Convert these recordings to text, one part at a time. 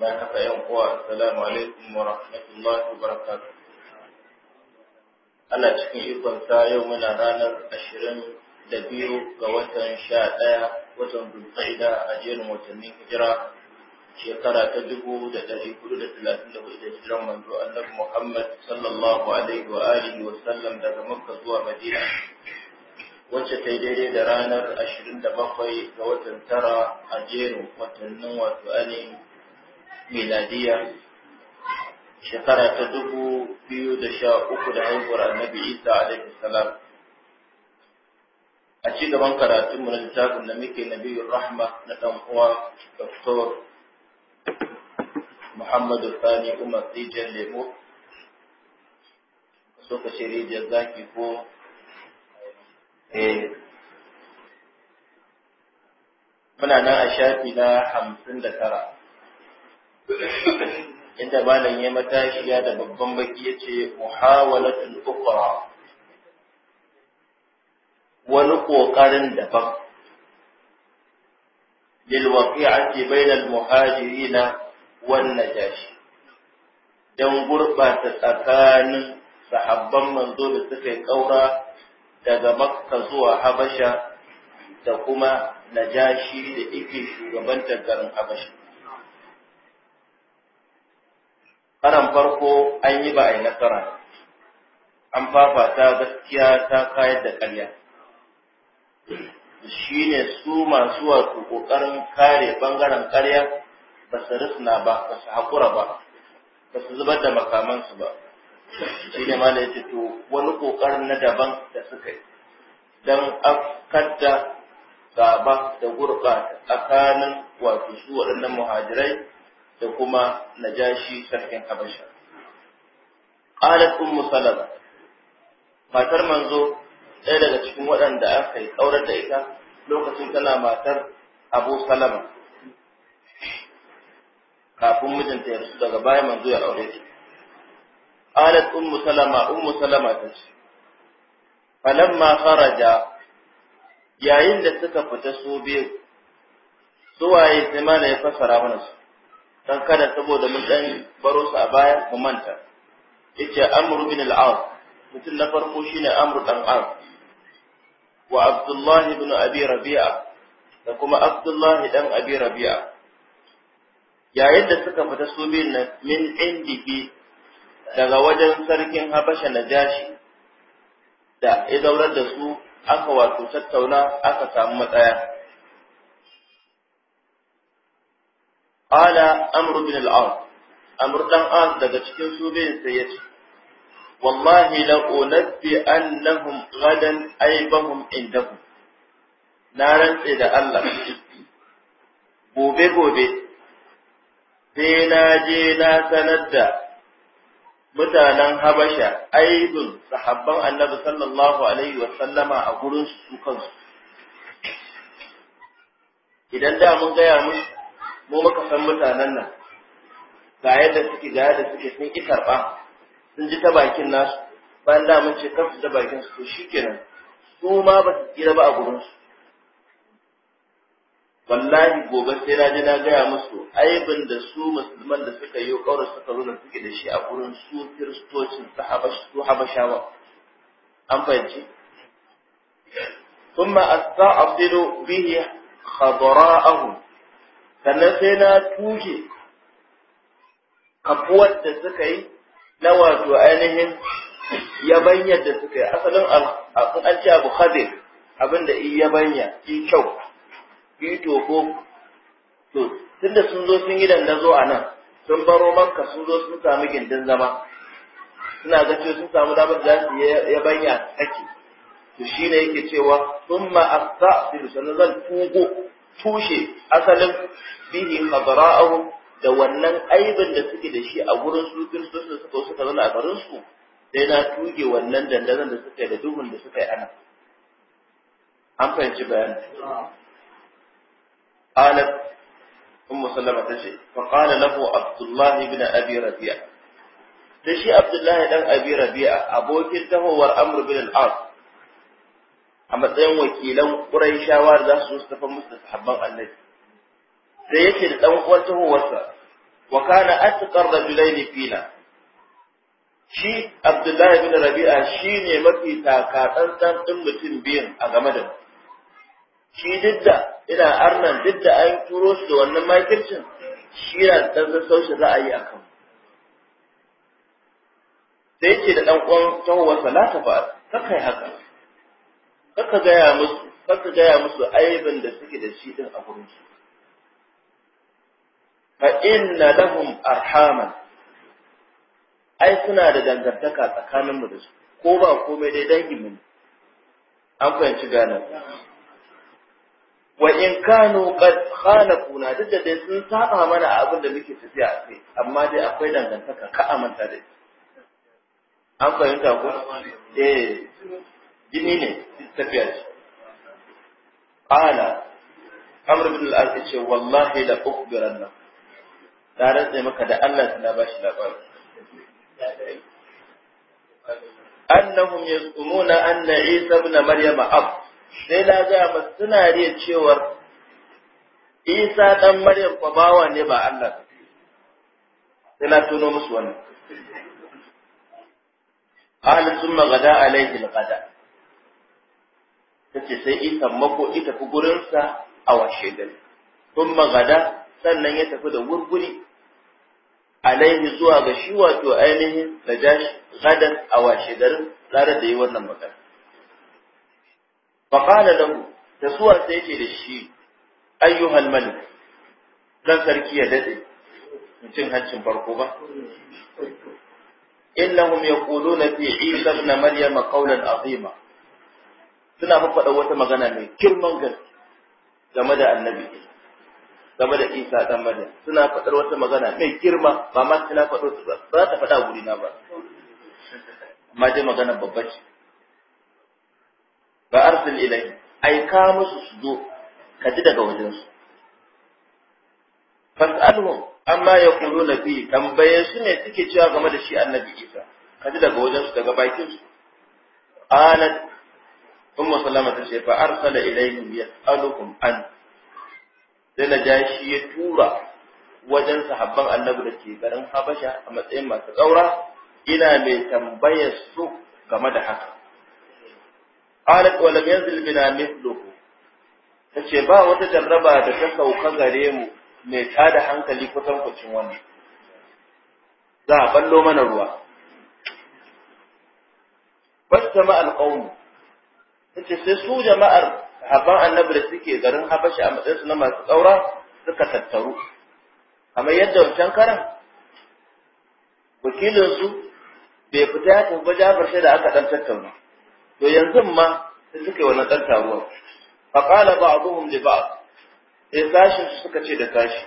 bayan haka yan uwa assalamu alaikum wa rahmatullahi wa barakatuh ana cikin ikon sa yau muna ranar ashirin da biyu ga watan sha ɗaya watan dulkaida a jerin watannin hijira shekara ta dubu da ɗari hudu da talatin da hudu da hijiran manzo annabi muhammad sallallahu alaihi wa alihi wa sallam daga makka zuwa madina wacce ta yi daidai da ranar ashirin da bakwai ga watan tara a jerin watannin wato ainihin miladiya shekara ta dubu biyu da sha uku da haihuwar annabi isa alaihi salam a ci gaban karatun mu na littafin da muke nabiyun rahma na dan uwa doctor muhammadu sani umar rijiyar lemo so ka ce rijiyar zaki ko muna nan a shafi na hamsin da tara inda malam ya matashiya da babban baki ya ce muhawalatul ukra wani ƙoƙarin daban lilwaƙi'ati bainal na wan najashi don gurɓata tsakanin sahabban manzo da suka yi ƙaura daga makka zuwa habasha da kuma najashi da ikin shugabantar garin habasha karan farko an yi ba a yi nasara an fafata gaskiya ta kayar da ƙarya shi ne su masu wato ƙoƙarin kare ɓangaren ƙarya ba su risna ba ba su haƙura ba ba su zubar da makamansu ba shi ne mala ce to wani ƙoƙarin na daban da suka yi don a da gaba da gurɓata tsakanin wato su waɗannan muhajirai da kuma najashi sarkin habasha qalat ummu salama matar manzo ɗaya daga cikin waɗanda aka yi kaurar da ita lokacin tana matar abu salama kafin mijinta ya rasu daga baya manzo ya aure ta qalat ummu salama ummu salama ta ce falamma kharaja yayin da suka fita su biyu suwaye sai mana ya fassara mana su kan kada saboda mun dan baro su a baya mu manta yace amru bin al aw mutum na farko shine amru dan as wa abdullah ibn abi rabi'a da kuma abdullah dan abi rabi'a yayin da suka fita su biyun nan min indibi daga wajen sarkin habasha najashi da ya da su aka wato tattauna aka samu matsaya qala amr bin al-as amr dan as daga cikin su bayin sai yace wallahi la unabbi annahum gadan aybahum indahum na rantse da Allah gobe gobe sai na je na sanar da mutanen Habasha aibin sahabban Annabi sallallahu alaihi wa sallama a gurin su kansu idan da mun gaya musu mu muka san mutanen nan ga yadda suke ga yadda suke sun ki karba sun ji ta bakin nasu bayan da mun ce kar su ta bakin su to shikenan su ma ba su tsira ba a gurin su wallahi gobe sai na je na gaya musu aibin da su musulman da suka yi kaura suka zo da suke da shi a gurin su kiristocin su habashawa an fahimci ثم أستعبد به خضراءهم sannan sai na tuke kafuwar da suka yi na wato ainihin yabanyar da suka yi asalin abin an ce abu khabir abin da iya yabanya yi kyau yi tofo. to tunda sun zo sun yi dandazo a nan sun baro makka sun zo sun samu gindin zama suna ga cewa sun samu damar da su yabanya ake to shine yake cewa thumma asta'firu sannan zan tugo tushe asalin bihi khadra'ahum da wannan aibin da suke da shi a gurin su kiristoci da suka suka zama a garin su sai na tuge wannan dandazon da suka yi da duhun da suka yi ana an fahimci bayan qalat ummu sallama tace fa qala lahu abdullah ibn abi rabi'a da shi abdullah dan abi rabi'a abokin tahowar amr bin al-as a matsayin wakilan Qurayshawa shawar za su su musu da sahabban Annabi sai yake da dan uwan tahowarsa wa kana atqar rajulain fina shi Abdullahi bin Rabi'a shi ne mafi takatsantsan din mutum biyan a game da shi didda ina arnan didda an turo su da wannan makircin shi na dan sassauci ra'ayi kan. sai yake da dan uwan tahowarsa la tafa kai haka kaka gaya musu kaka gaya musu aibin da suke da shi din a gurin su fa inna lahum arhaman ai suna da dangantaka tsakanin mu da su ko ba komai dai dangi mu an fahimci gana wa in kanu qad khalaquna duk da dai sun saba mana abin da muke tafiya a kai amma dai akwai dangantaka ka amanta da an fahimta ko eh jini ne tafiya ce qala amr bin al ce wallahi biran nan da rantsa maka da Allah na tana bashi labari annahum yasumuna anna isa ibn maryama ab sai na ga masu suna riya cewar isa dan maryam fa bawa ne ba Allah sai na tuno musu wannan قال ثم غدا عليه الغداء ta ce sai ita mako ita fi gurinsa a washe gari sun magada sannan ya tafi da gurguri alaihi zuwa ga shi wato ainihin da jashi gadan a washe garin tsarar da yi wannan magana faƙala lahu da suwa sai ce da shi ayyuhal malik dan sarki ya dade cin hancin farko ba innahum yaquluna fi isa ibn maryam qawlan azima suna faɗa wata magana mai girman gaske game da annabi game da isa dan madan suna faɗar wata magana mai girma ba ma suna faɗo su ba ba ta faɗa guri na ba amma dai magana babba ce ba arsil ilai ka musu su zo ka ji daga wajensu fas'alhum amma yaquluna fi tambaye su ne suke cewa game da shi annabi isa ka ji daga wajensu daga bakin su umma salama ta ce fa arsala ilayhim yas'alukum an sai shi ya tura wajen sahabban annabi da ke garin habasha a matsayin masu tsaura ina mai tambayar su game da haka alat wa lam yanzil bina mithluhu tace ba wata jarraba da ta sauka gare mu mai tada hankali kusan kucin wannan za a ballo mana ruwa ma alqawm yace sai su jama'ar haban annabi da suke garin habashi a matsayinsu na masu tsaura suka tattaru kamar yadda wancan karan wakilinsu bai fita ya tafi jabar sai da aka dan tattauna to yanzu ma sai suka yi wannan dan taruwa fa qala ba'dhum li ba'd sai sashin suka ce da sashi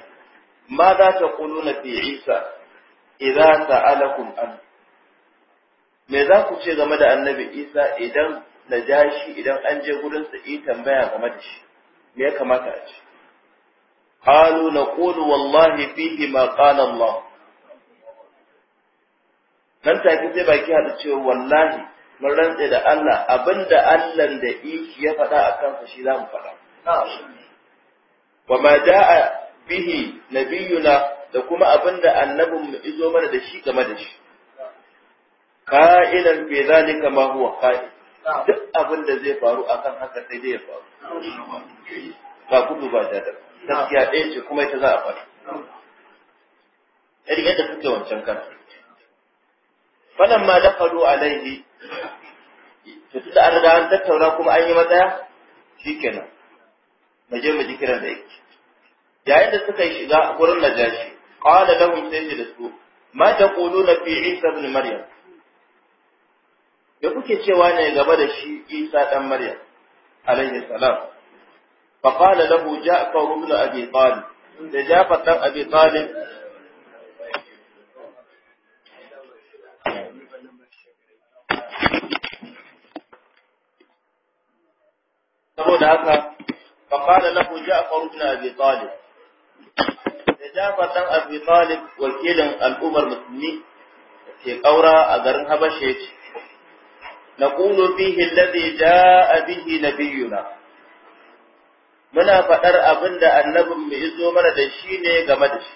ma za ta quluna fi isa idza sa'alakum an me za ku ce game da annabi isa idan na ja shi idan an je gurin sa yi tambaya game da shi me ya kamata a ce qalu naqulu wallahi fihi ma qala Allah nan take sai baki hada cewa wallahi mun rantse da Allah abinda Allah da yi ya faɗa a kansa shi za mu faɗa wa ma da'a bihi nabiyuna da kuma abinda annabin mu izo mana da shi game da shi qa'ilan fi zalika ma huwa qa'il duk abin da zai faru akan haka sai dai ya faru ba gudu ba da gaskiya ɗaya ce kuma ita za a faru irin yadda suke wancan kan falamma a alaihi to tunda an riga an tattauna kuma an yi matsaya shikenan mu je mu ji kiran da yake yayin da suka yi shiga gurin najashi qala lahum sai da su ma taquluna fi isa ibn maryam da kuke cewa ne gaba da shi Isa dan Maryam alaihi salam fa qala a kawo ibn Abi Talib da Ja'far dan Abi Talib saboda haka fa qala a kawo ibn Abi Talib da Ja'far dan Abi Talib wakilin al'ummar musulmi ke kaura a garin Habasha نقول فيه الذي جاء به نبينا muna faɗar abin da annabin mu izo mana da shi ne game da shi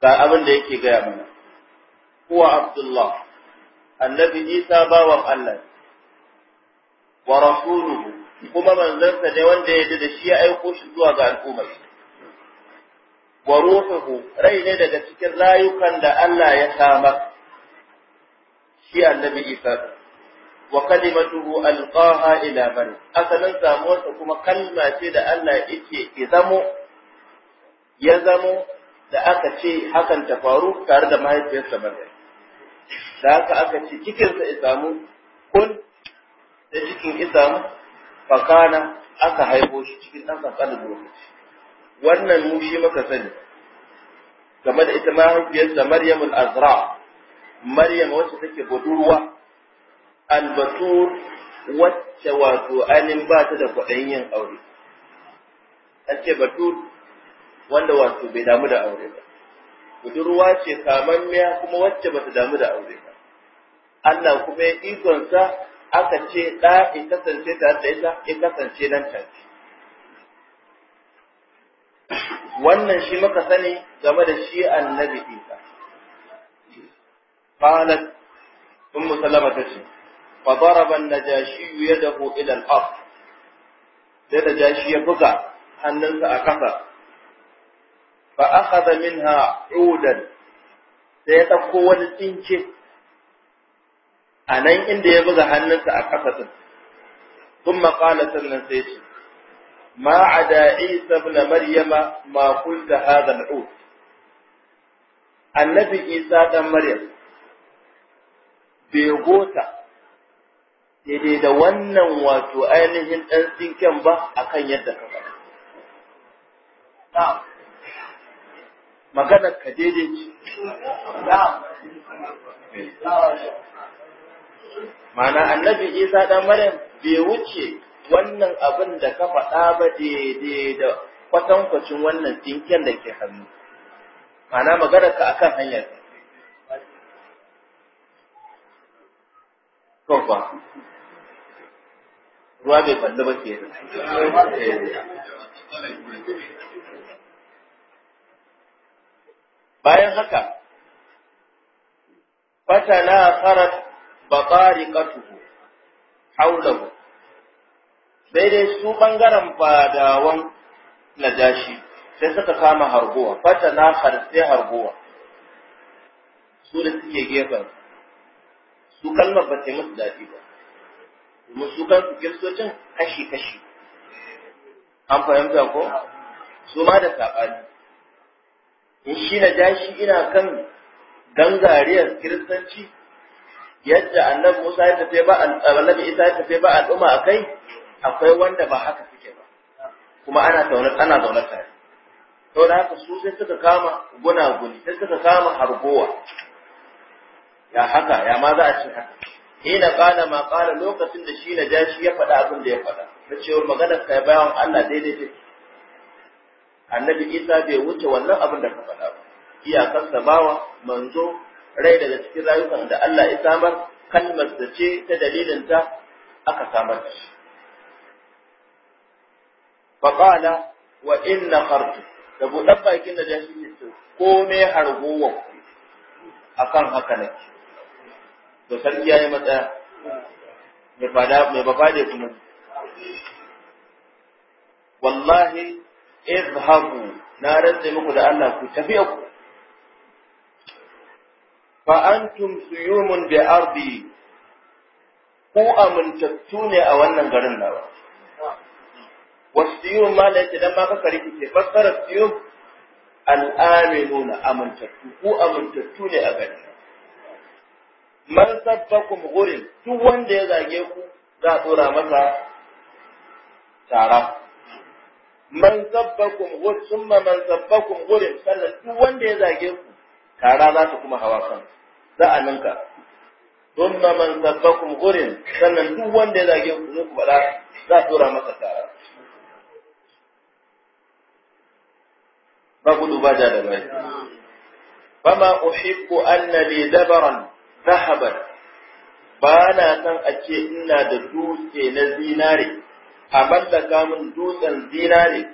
ga abin da yake gaya mana huwa abdullah annabi isa bawan allah wa rasuluhu kuma manzansa ne wanda ya da shi ya aiko shi zuwa ga al'ummar wa ruhuhu rai ne daga cikin rayukan da Allah ya samar shi annabi isa wa kalimatuhu alqaha ila asalan samuwar ta kuma kalma ce da Allah yake izamo ya zamo da aka ce hakan ta faru tare da mahaifiyarsa maryam da haka aka ce cikinsa isamu kun da cikin isamu fakana aka haifo shi cikin ɗan ƙanƙanin lokaci wannan mu shi muka sani game da ita mahaifiyarsa maryamul azra maryam wacce take budurwa albasur wacce wato ainihin ba ta da kwaɗayin yin aure an ce batur wanda wato bai damu da aure ba budurwa ce kamammiya kuma wacce ba ta damu da aure ba Allah kuma ya ikonsa aka ce ɗa in kasance tare da ita in kasance nan take wannan shi muka sani game da shi annabi isa قالت ثم سلمة فضرب النجاشي يده إلى الأرض لنجاشي بقى أننس أكفى فأخذ منها عودا سيتقوى الإنشي a nan inda ya buga hannunsa a ƙafasin sun maƙala sannan sai ce ma a da isa na maryama ma kulta hadal ud annabi isa dan maryam begota daidai da wannan wato ainihin ɗan tsinken ba akan yadda ka faɗa. Magana ka daidai ce. Mana annabi Isa ɗan Maryam bai wuce wannan abin da ka faɗa ba daidai da kwatankwacin wannan tsinken da ke hannu. Mana magana ka akan hanyar ruwa bai balli ba ke eh. bayan haka fatana farat batariqatuhu haulahu bai dai su ɓangaren fadawan na jashi, sai suka kama harguwa fatana na sai harguwa su da suke gefen su kalmar ba ta musu daɗi ba domin su kansu kiristocin kashi-kashi an fahimta ko su ma da saɓani in shi na jashi ina kan gangariyar kiristanci yadda annabi Musa ya tafi ba annabi Isa ya tafi ba al'umma akai akwai wanda ba haka suke ba kuma ana zaune ana zaune tare to da haka su sai suka kama guna guni sai suka kama hargowa ya haka ya ma za a ce haka hina kana ma qala lokacin da shi na jashi ya faɗa abin da ya faɗa na cewa maganar kai bayan Allah daidai ce annabi Isa bai wuce wannan abin da ka faɗa ba iyakarsa bawa manzo rai daga cikin rayukan da Allah ya samar kalmar da ce ta dalilin ta aka samar da shi fa qala wa inna khartu da buɗan bakin da jashi ne ko me hargowa akan haka nake da sarki ya yi matsaya mai da kuma wallahi izhabu na rantse muku da Allah ku tafi ku fa antum suyumun bi ardi ku amintattu ne a wannan garin nawa wasiyum ma da dan ma kaka rikice fassara suyum al aminuna amintattu ku amintattu ne a garin man sabbakum gurin duk wanda ya zage ku za a tsora masa tara man sabbakum gurin summa man sabbakum gurin sallan duk wanda ya zage ku tara za ta kuma hawa kan za a ninka summa man sabbakum gurin sannan duk wanda ya zage ku zai ku bada za a tsora masa tara ba gudu ba ja da bai fama uhibbu annabi dabaran zahabar ba na a ce ina da dutse na zinare, a mallaka min dutsen zinare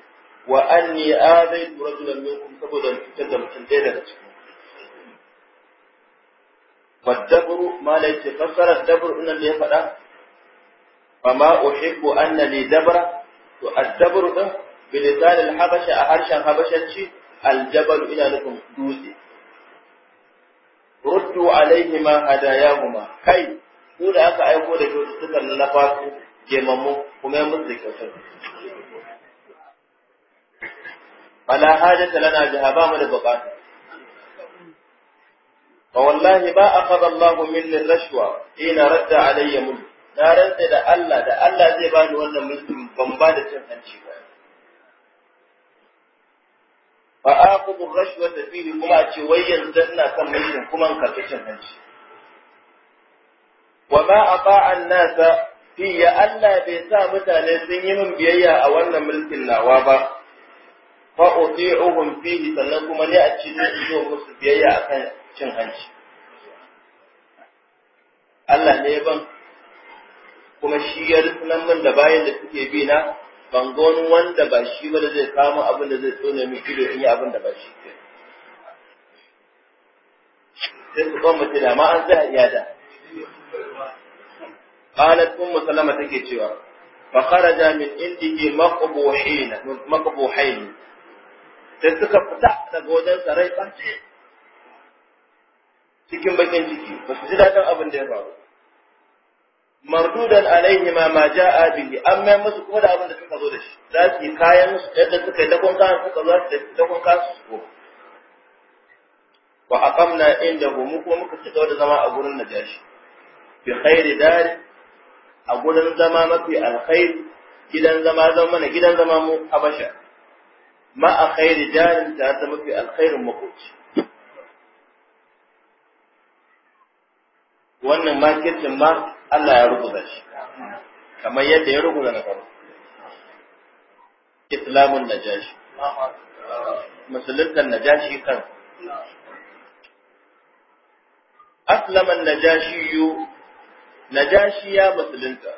wa an yi azai tura tunan nukun saboda cikin da mutum ɗaya daga cikin. Wadabru ma da yake fassarar dabaru ina da ya faɗa? Amma uhibbu anna li dabara? to a dabaru ɗin bilisanin habasha a harshen habashanci aljabaru ina nufin dutse. ruddu alaihima hadayahuma kai su da aka aiko da kyaututtukan na su gemammu kuma ya musu da kyautar fala hajata lana biha ba mu da bukata fa wallahi ba akhadha Allahu minni rashwa ina radda alayya mulk na ranta da Allah da Allah zai bani wannan mulkin ban ba da cin hanci ba fa aqudu rashwa fili kuma a ce wai yanzu ina son mulkin kuma in karɓi cin hanci wa ma ata'a an-nasa ya Allah bai sa mutane sun yi min biyayya a wannan mulkin nawa ba fa uti'uhum fihi sannan kuma ne a ci zai zo musu biyayya akan cin hanci Allah ne ban kuma shi ya rufunan min da bayan da suke bi na ban ga wani wanda ba shi ba da zai samu abin da zai tsone min ido in yi abin da ba shi ke sai su ban da ma an tsaya iya da qalat ummu salama take cewa fa kharaja min indihi maqbuhin maqbuhin sai suka fita daga wajen sarai ba cikin bakin ciki ba su ji daɗin abin da ya faru mardudan alaihi ma ma ja'a bihi amma musu kuma da abin da suka zo da shi za su yi kayan su yadda suka yi dakon kayan suka zo da dakon kayan su ko wa aqamna inda mu kuma muka ci da zama a gurin jashi bi khairi dar a gurin zama mafi alkhair gidan zama zan mana gidan zama mu habasha ma a khairi darin ta ta mafi alkhairin makoci wannan makircin ma Allah ya rubuta shi kamar yadda ya rubuta na farko islamun najashi musulunta najashi kan aslaman najashi yu najashi ya musulunta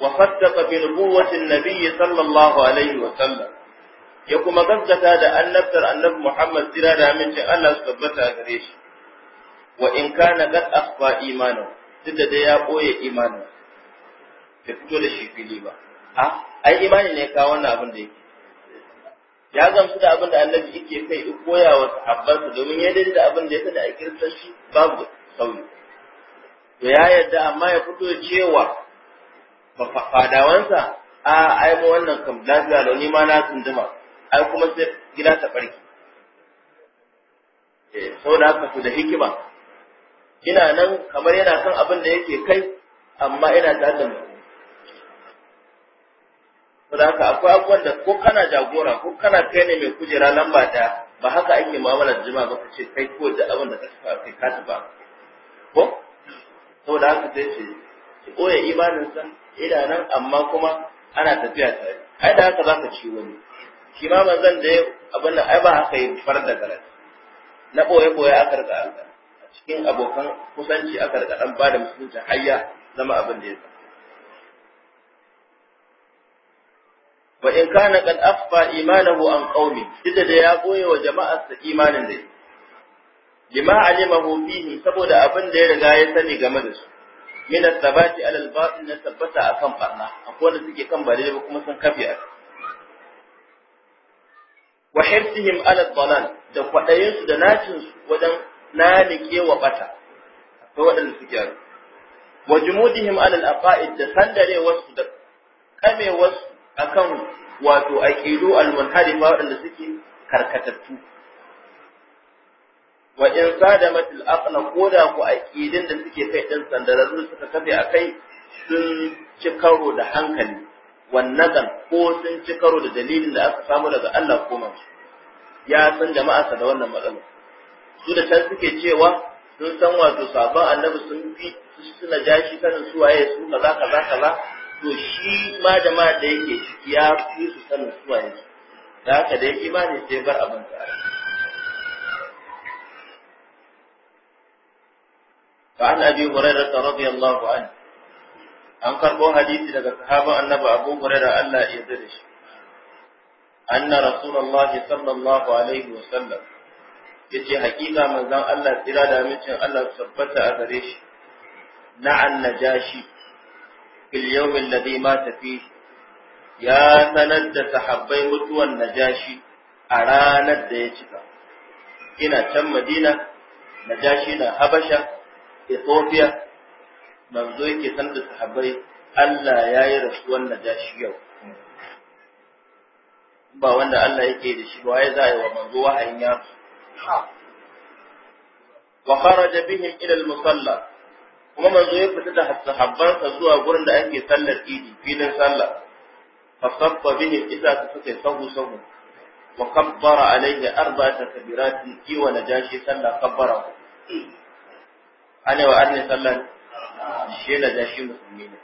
wa saddaqa bil quwwati an-nabiy sallallahu alaihi wa sallam ya kuma gaskata da annabtar annabi Muhammad jira da aminci Allah su tabbata gare shi wa in kana qad akhfa imanahu duk da dai ya ɓoye imanin bai fito da shi fili ba a ai imani ne kawo wannan abin da yake ya gamsu da abin da annabi yake kai duk koya wa sahabbansa domin ya da abin da ya da a shi babu sauyi to ya yarda amma ya fito cewa fadawansa a ai mu wannan kam lafiya da ni ma na tunduma ai kuma sai gida ta barki eh saboda haka ku da hikima ina nan kamar yana kan abin da yake kai amma ina tare da mu saboda haka akwai abubuwan da ko kana jagora ko kana kai ne mai kujera lamba ɗaya ba haka ake mu'amalar jima'a ba ka ce kai ko da abin da ka tafi kai ka tafi ko saboda haka sai ce ki koya imanin san ina nan amma kuma ana tafiya tare ai da haka zaka ci wani shi ma manzon da abin nan ai ba haka yin farda da na boye boye aka riga Allah cikin abokan kusanci aka rika dan bada musulunci hayya zama abin da ya zama wa in kana kan afa imanahu an qaumi dida da ya boye wa jama'ar sa imanin da lima alimahu bihi saboda abin da ya riga ya sani game da su min as-sabati ala al na tabbata akan barna akwai wanda suke kan bare ba kuma sun kafiya wa hirsihim ala dalal da kwaɗayinsu da nacin su wajen lalike wa bata akwai waɗanda su gyaru wa jumudihim alal aqaid da sandare wasu da kame wasu akan wato aqidu al munharifa waɗanda suke karkatattu wa in sadamat al koda ku aqidin da suke kai din sandararru suka kafe akai sun ci karo da hankali wannan ko sun ci karo da dalilin da aka samu daga Allah ko manzo ya san sa da wannan matsalar su da can suke cewa sun san wato sabon annabi sun fi suna jashi sanin su waye su kaza kaza kaza to shi ma jama'a da yake ciki ya fi su sanin su waye su da haka da ya imani sai bar abin sa فعن أبي هريرة رضي الله عنه an karɓo حديث daga sahaban annabi abu hurairah Allah ya yarda da shi anna الله sallallahu alaihi wa sallam yace hakika manzon Allah tsira da mutun Allah tabbata a gare shi na'an najashi fil yawm alladhi mata fi ya sanar da sahabbai mutuwan najashi a ranar da ya cika ina can Madina najashi na Habasha Ethiopia manzo yake san da sahabbai Allah ya yi rasuwan najashi yau ba wanda Allah yake da shi ba ya za a yi wa manzo wahayin yaro wa kharaja bihim ila al-musalla kuma manzo ya fita da sahabbansa zuwa gurin da ake sallar idi filin sallah fa saffa bihim idza suka sahu sahu wa kabbara alayhi arba'ata kabiratin ki wa najashi sallah kabbara ana wa arni sallan shi najashi musulmi ne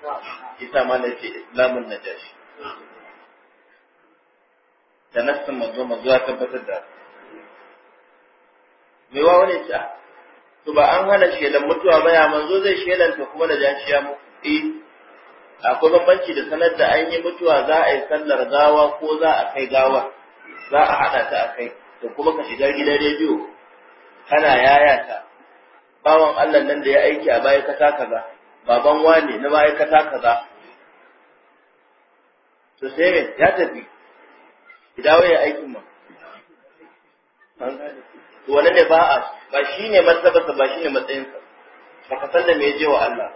ma da tabbatar da Me wa wani ta ah, to ba an hana shelan mutuwa ba ya manzo zai ta kuma da jashiya ya mutu eh akwai bambanci da sanar da an yi mutuwa za a yi sallar gawa ko za a kai gawa za a hada ta a kai to kuma ka shiga gidan rediyo kana ta. bawan Allah nan da ya aiki a ma'aikata kaza baban wane na ma'aikata kaza to sai ya tafi dawo ya aikin ma an gane to wannan ne ba a ba shine martabarsa ba shine matsayinsa baka san da me yaje wa Allah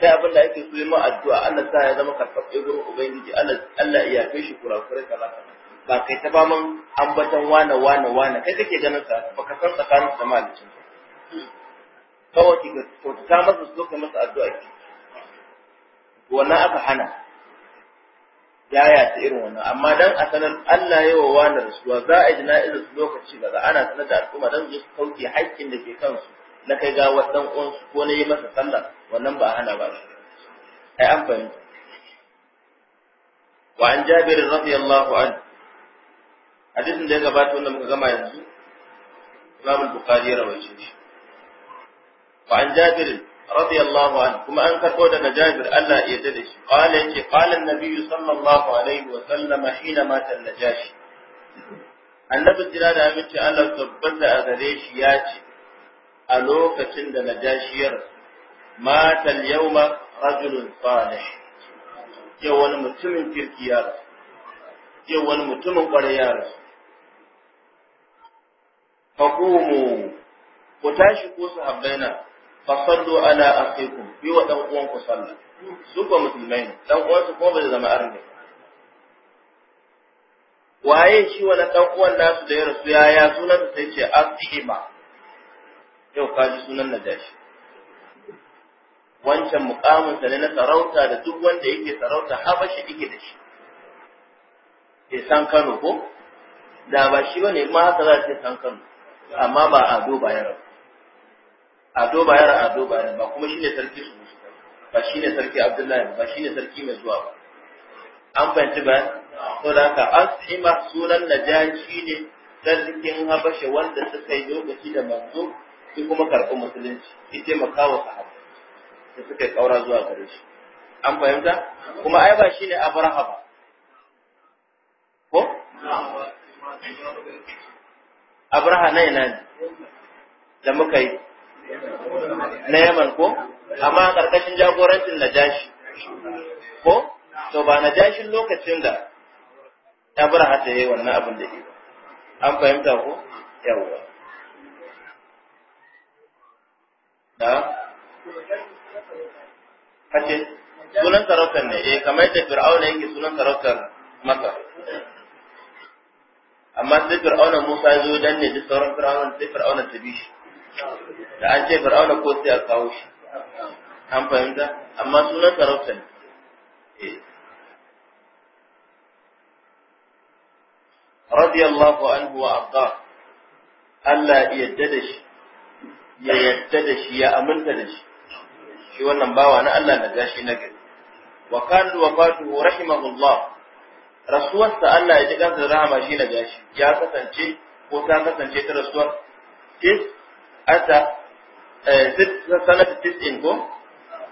sai abin da yake so yi ma addu'a Allah sa ya zama karfafe gurin ubangiji Allah Allah ya kai shi kurakurai kala ba kai ta mun ambatan wane wane wane kai kake ganin sa baka san tsakanin da malicin kawai ki ta masa so ka masa addu'a ki wannan aka hana yaya ta irin wannan amma dan a sanar Allah wa wani rasuwa za a yi jana'iza su lokaci daga ana sanar da al'umma dan su sauke haƙƙin da ke kansu na kai ga ɗan uwansu ko na yi masa sallah wannan ba a hana ba ai an fahimta wa an jabir radiyallahu an hadisin da ya gabata wanda muka gama yanzu Imam Bukhari ya rawaito shi wa an jabir radiyallahu kuma an karbo daga Jabir Allah ya yarda da shi qala yake qala an-nabi sallallahu alaihi wa sallama hina jira da aminci Allah tabbata a gare shi ya ce a lokacin da jashiyar matal Yau ma rajulun salih yau wani mutumin kirki ya rasu yau wani mutumin kwarai ya rasu ku tashi ko sahabbaina fasallu ala akhikum bi wa dan uwan ku sallah su ko musulmai ne dan uwan su ko bai zama arne waye shi wani dan uwan nasu da ya rasu ya ya sunan sa sai ce asima yau ka ji sunan najashi wancan muqamin sa ne na sarauta da duk wanda yake sarauta habashi yake da shi ke san Kano ko da ba shi bane ma haka za a san Kano amma ba ado ba ya ado bayar ado bayar ba kuma shine sarki su ba shine sarki abdullahi ba shine sarki mai zuwa ba an fahimci ba ko da ka asima sunan najashi ne sarkin habasha wanda suka yi lokaci da manzo su kuma karɓi musulunci ya taimaka wa sahabbai da suka yi ƙaura zuwa gare shi an fahimta kuma ai ba shine abraha ba ko abraha na ina ne da muka yi na yaman ko amma ƙarƙashin jagorancin najashi ko to ba najashin lokacin da abraha hata yi wannan abin da yi an fahimta ko yawwa da kace sunan sarautar ne eh kamar da fir'auna yake sunan sarautar maka amma sai fir'auna musa ya zo dan ne duk sauran fir'auna sai fir'auna ta bi shi da an ce fir'auna ko sai a kawo shi an fahimta amma sunan sarauta ne eh. radiyallahu anhu wa abda Allah ya yadda da shi ya yadda da shi ya aminta da shi shi wannan bawa na Allah da gashi na gari wa kan wafatu rahimahullah rasuwarsa Allah ya ji kansa rahama shi na gashi ya kasance ko ta kasance ta rasuwar is eh. ata eh, sanata tis'in ko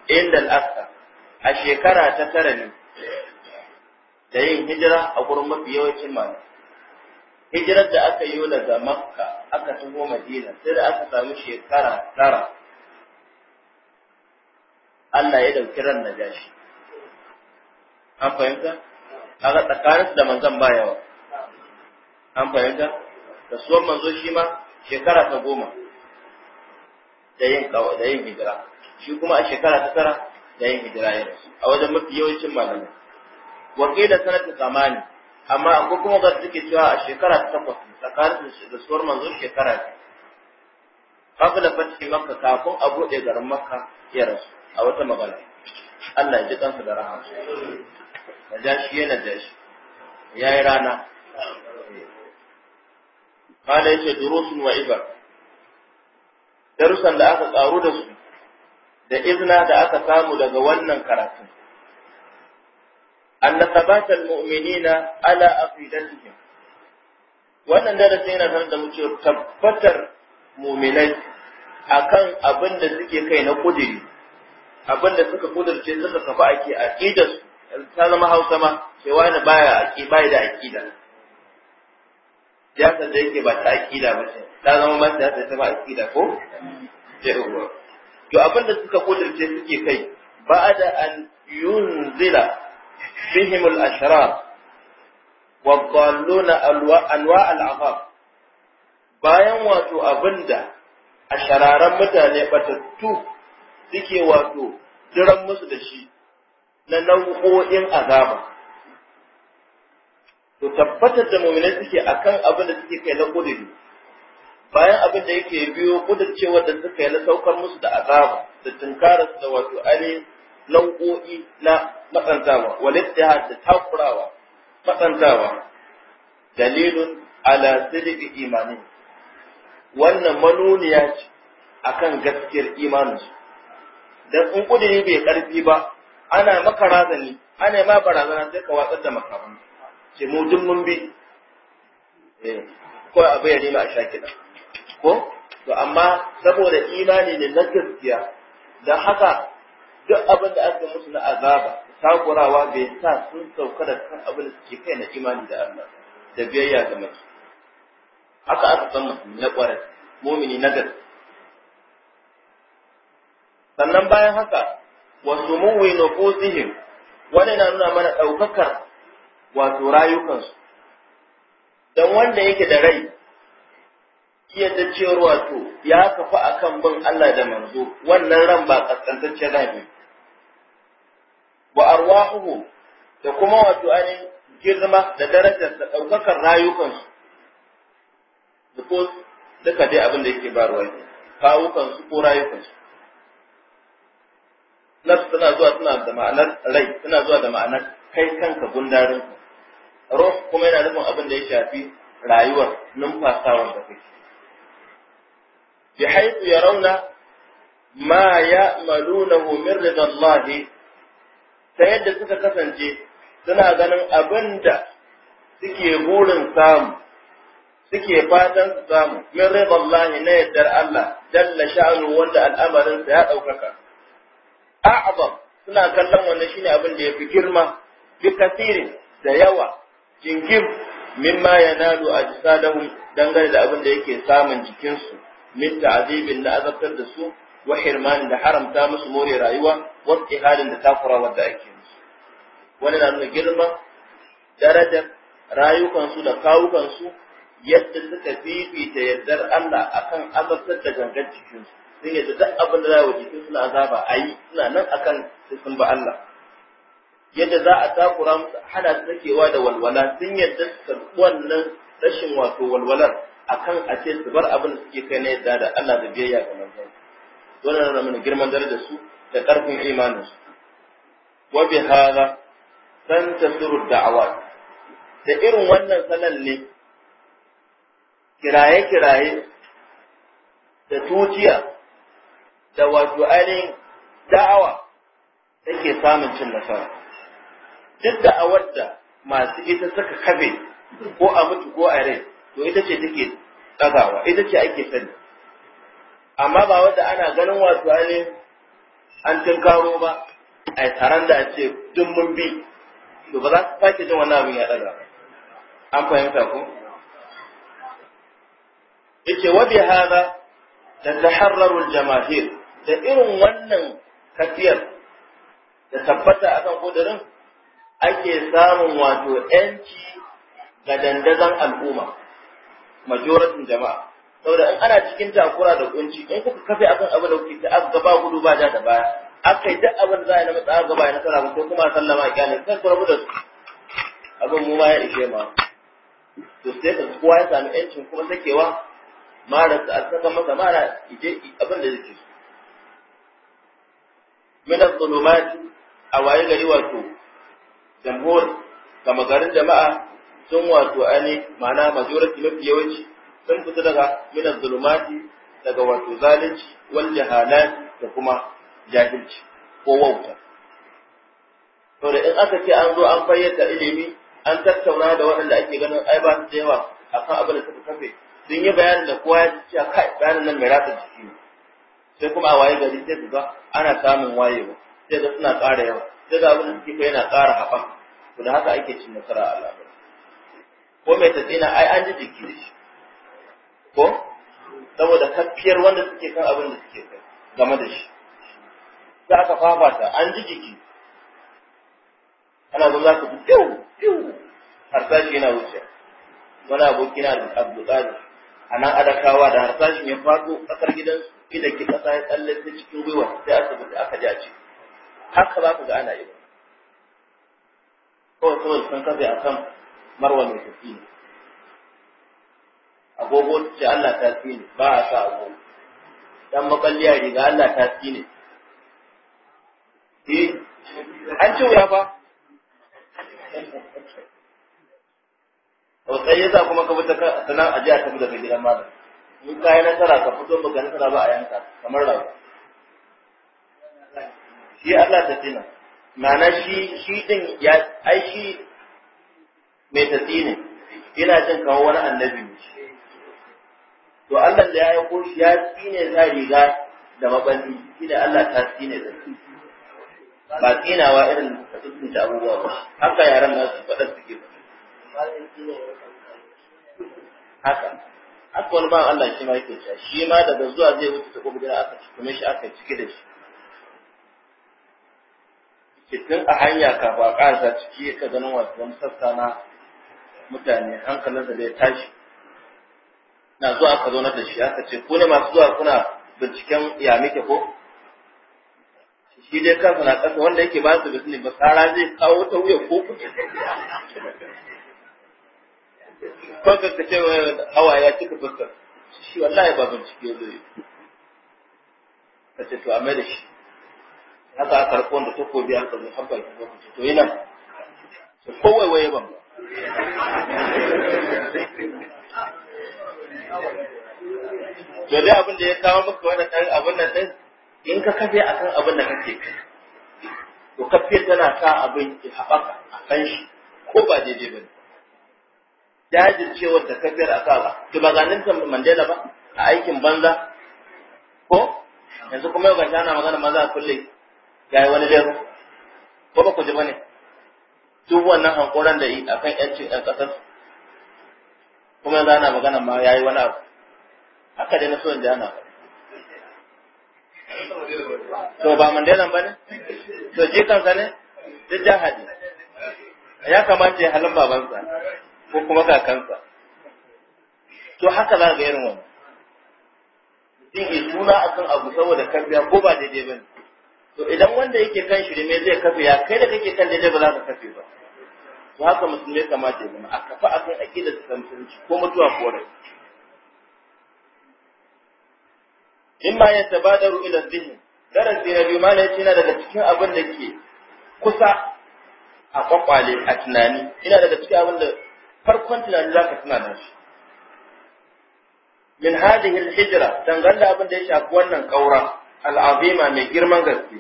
inda al'asa a shekara ta tara ne da yin hijira a gurin mafi yawancin malamai hijirar da aka yi daga makka aka taho madina sai da aka samu shekara tara Allah ya dauki ran na gashi. an fahimta aka tsakanin da manzon bayawa an fahimta da suwan manzo shi ma shekara ta goma da yin da yin hijira shi kuma a shekara ta tara da yin hijira ya rasu a wajen mafi yawancin malamai wakila sanata zamani amma akwai kuma ga suke cewa a shekara ta takwas tsakanin da suwar manzo shekara ta qabla fathi makka kafin a bude garin makka ya rasu a wata magana Allah ya ji kansa da rahama jashi. ya yi rana قال يا دروس وعبر darussan da aka karu da su da izna da aka samu daga wannan karatu an nasabata mu'minina ala aqidatihim wannan darasi yana sanar da mu cewa tabbatar mu'minai akan abin da suke kai na kudiri abin da suka kudirce suka kafa ake aqidar ta zama Hausa ma cewa ne baya da aqida siyasa da yake ba ta aƙida ba ce ta zama ma siyasa ta ba aƙida ko yawwa to abin da suka kudurce suke kai da an yunzila bihim al-ashrar wa dhalluna anwa' al-'azab bayan wato abinda a shararan mutane batattu suke wato jiran musu da shi na nau'o'in azaba to tabbatar da mu'minai suke akan abin da suke kai na kudiri bayan abin da yake biyo cewa da suka yi na saukar musu da azaba da tunkara da wato ali nau'o'i na matsantawa walittihad da takurawa matsantawa dalilun ala sirri imani wannan manuniya ce akan gaskiyar imaninsu dan in kudiri bai karfi ba ana maka razani ana ma barazana sai ka watsar da makamanka ce mu duk mun bi eh, ko abu ya nima a sha kiɗa ko to amma saboda imani ne na gaskiya da haka duk abin da aka musu na azaba takurawa bai sa sun sauka da kan abin da suke kai na imani da Allah da biyayya ga maki haka aka san musulmi na ƙwarai mumini na gaskiya sannan bayan haka wasu muwi nufusihim wani na nuna mana ɗaukakar wato rayukansu don wanda yake da rai iya ta cewar wato ya kafa akan bin Allah da manzo wannan ran ba kaskantaccen ne. wa arwahuhu da kuma wato ainihin girma da darajar da ɗaukakar rayukansu da ko duka dai abin da yake barwa ne kawukansu ko rayukansu nafsu suna zuwa tana da ma'anar rai tana zuwa da ma'anar kai kanka gundarinka ruh kuma yana nufin abin da ya shafi rayuwar numfasawar da kake bi ya rauna? ma ya ya'malunahu min ridallahi ta yadda suka kasance suna ganin abinda suke burin samu suke fatan su samu min ridallahi na yardar Allah dalla sha'anu wanda al'amarin sa ya daukaka a'zam suna kallon wannan shine abin da fi girma bi kasirin da yawa jingim mimma yanalu ajsadahum dangane da abin da yake samun jikinsu min ta'azibin na azabtar da su wa hirmanin da haramta musu more rayuwa wa ihalin da takura da ake musu wani na nuna girma darajar rayukansu da kawukansu yadda suka fifita yardar Allah akan azabtar da gangan jikinsu sun yadda duk abin da za wa jikinsu na azaba a yi suna nan akan sun ba Allah yadda za a takura musu hana su sakewa da walwala sun yadda su karɓi wannan rashin wato walwalar akan a ce su bar abin suke kai na yadda da Allah da biyayya ga manzon wannan nuna mana girman da su da ƙarfin imanin su wa bi hada san tasiru da'awa da irin wannan sanan ne kiraye-kiraye da tutiya da wato ainihin da'awa take samun cin nasara duk da awarda masu ita suka kabe ko a mutu ko a rai to ita ce take tsagawa ita ce ake sani amma ba wadda ana ganin wasu ne an karo ba a yi taron da a ce duk mun bi to ba za su sake jin wani abin ya daga an fahimta ko yace wa bi hada da taharraru jama'ir da irin wannan kafiyar da tabbata akan kudurin ake samun wato ‘yanci ga dandazon al'umma, majoratin jama'a. Saboda in ana cikin takura da kunci, in kuka kafe akan abu da kuke ta gaba gudu ba da baya, aka yi duk abin za a yi na matsa gaba ya nasara ko kuma sallama a kyalin, sai kuma da su. Abin mu ma ya ishe ma. To sai ka kowa ya sami ‘yancin kuma sakewa, mara sa a saka masa mara ije abin da yake so. Mina zulumati a waye gari wato jamhur kama garin jama'a sun wato ani ma'ana majority mafi yawanci sun fita daga minan zulumati daga wato zalunci wal jahalat da kuma jahilci ko wauta to da in aka ce an zo an fayyata ilimi an tattauna da waɗanda ake ganin ai ba su da yawa akan abin da suka kafe sun yi bayanin da kowa ya cewa kai bayanin nan mai ratsa jiki ne sai kuma a waye gari sai su ga ana samun wayewa sai ga suna ƙara yawa sai ga abin da suke kai yana ƙara haɓa to da haka ake cin nasara a lafiya ko mai tatsina ai an ji jiki da shi ko saboda kafiyar wanda suke kan abin da suke kai game da shi sai aka fafata an ji jiki ana zo za ka fi harsashi yana wuce wani aboki na abdulkadir a nan adakawa da harsashin ya faɗo ƙasar gidansu ida ke ƙasa ya tsalle cikin gwiwa sai asibiti aka ji a ce haka ba ku ga ana yi kawai kawai sun kafe a kan marwa mai tafi ne agogo ce Allah ta fi ne ba a sa agogo dan makalliya riga Allah ta fi ne eh an ce wuya fa sai ya sa kuma ka fita sanan a jiya ka fita daga gidan malam in ka yi nasara ka fito baka nasara ba a yanka kamar rawa shi Allah ta tsina ma'ana shi shi din ya ai shi mai ta tsine ina jin kawo wani annabi to Allah da ya yi ko shi ya tsine ta riga da mabanni shi ne Allah ta tsine da shi ba tsinawa irin tattun da abubuwa ba haka yaran na su faɗa suke ba haka haka wani ba Allah shi ma yake ta, shi ma daga zuwa zai wuce ta gobe da aka ci kuma shi aka cike da shi idan a hanya ka ba ƙasa ciki ya ganin wasu wani sassa na mutane hankalin da zai tashi na zuwa aka zo na da shi aka ce ku ne masu zuwa kuna binciken ya muke ko shi dai kansa na ƙasa wanda yake ba su bisni ba tsara zai kawo ta wuya ko kuke kanka ka ce hawa ya cika fuskar shi wallahi ba bincike zai ka ce to a mai da shi haka aka karɓo wanda ta kobi aka zo har ki lokaci to yi nan wai waiwaye ban to dai abin da ya kawo maka wannan ɗan abin nan ɗin in ka kafe akan abin da kake kai to kafe tana sa abin ya haɓaka a kan shi ko ba daidai ba ne jajircewar da kafiyar a ba ki ba ganin Mandela ba a aikin banza ko yanzu kuma yau ga ana magana maza a kulle ya yi wani laifi ko ba ku ji bane duk wannan hankoran da yi akan yancin ɗan ƙasar kuma yanzu ana magana ma ya yi wani abu haka dai na so in ji ana to ba mandela ba ne to ji kansa ne duk jahadi ya kamata ya halin babansa ko kuma kakansa to haka za ga irin wannan mutum ya suna akan abu saboda karbiya ko ba daidai ba ne to idan wanda yake kan shirme zai kafe ya kai da kake kan daidai ba za ka kafe ba to haka musulmai kamata ya zama a kafa akan aqidar ta musulunci ko mutuwa ko rai mimma yatabadaru ila dhihn darasi na biyu mana yace yana daga cikin abin da ke kusa a kwakwale a tunani yana daga cikin abin da farkon tunani zaka tuna da shi min hadhihi al-hijra dangane da abin da ya shafi wannan kaura al'azima mai girman gaske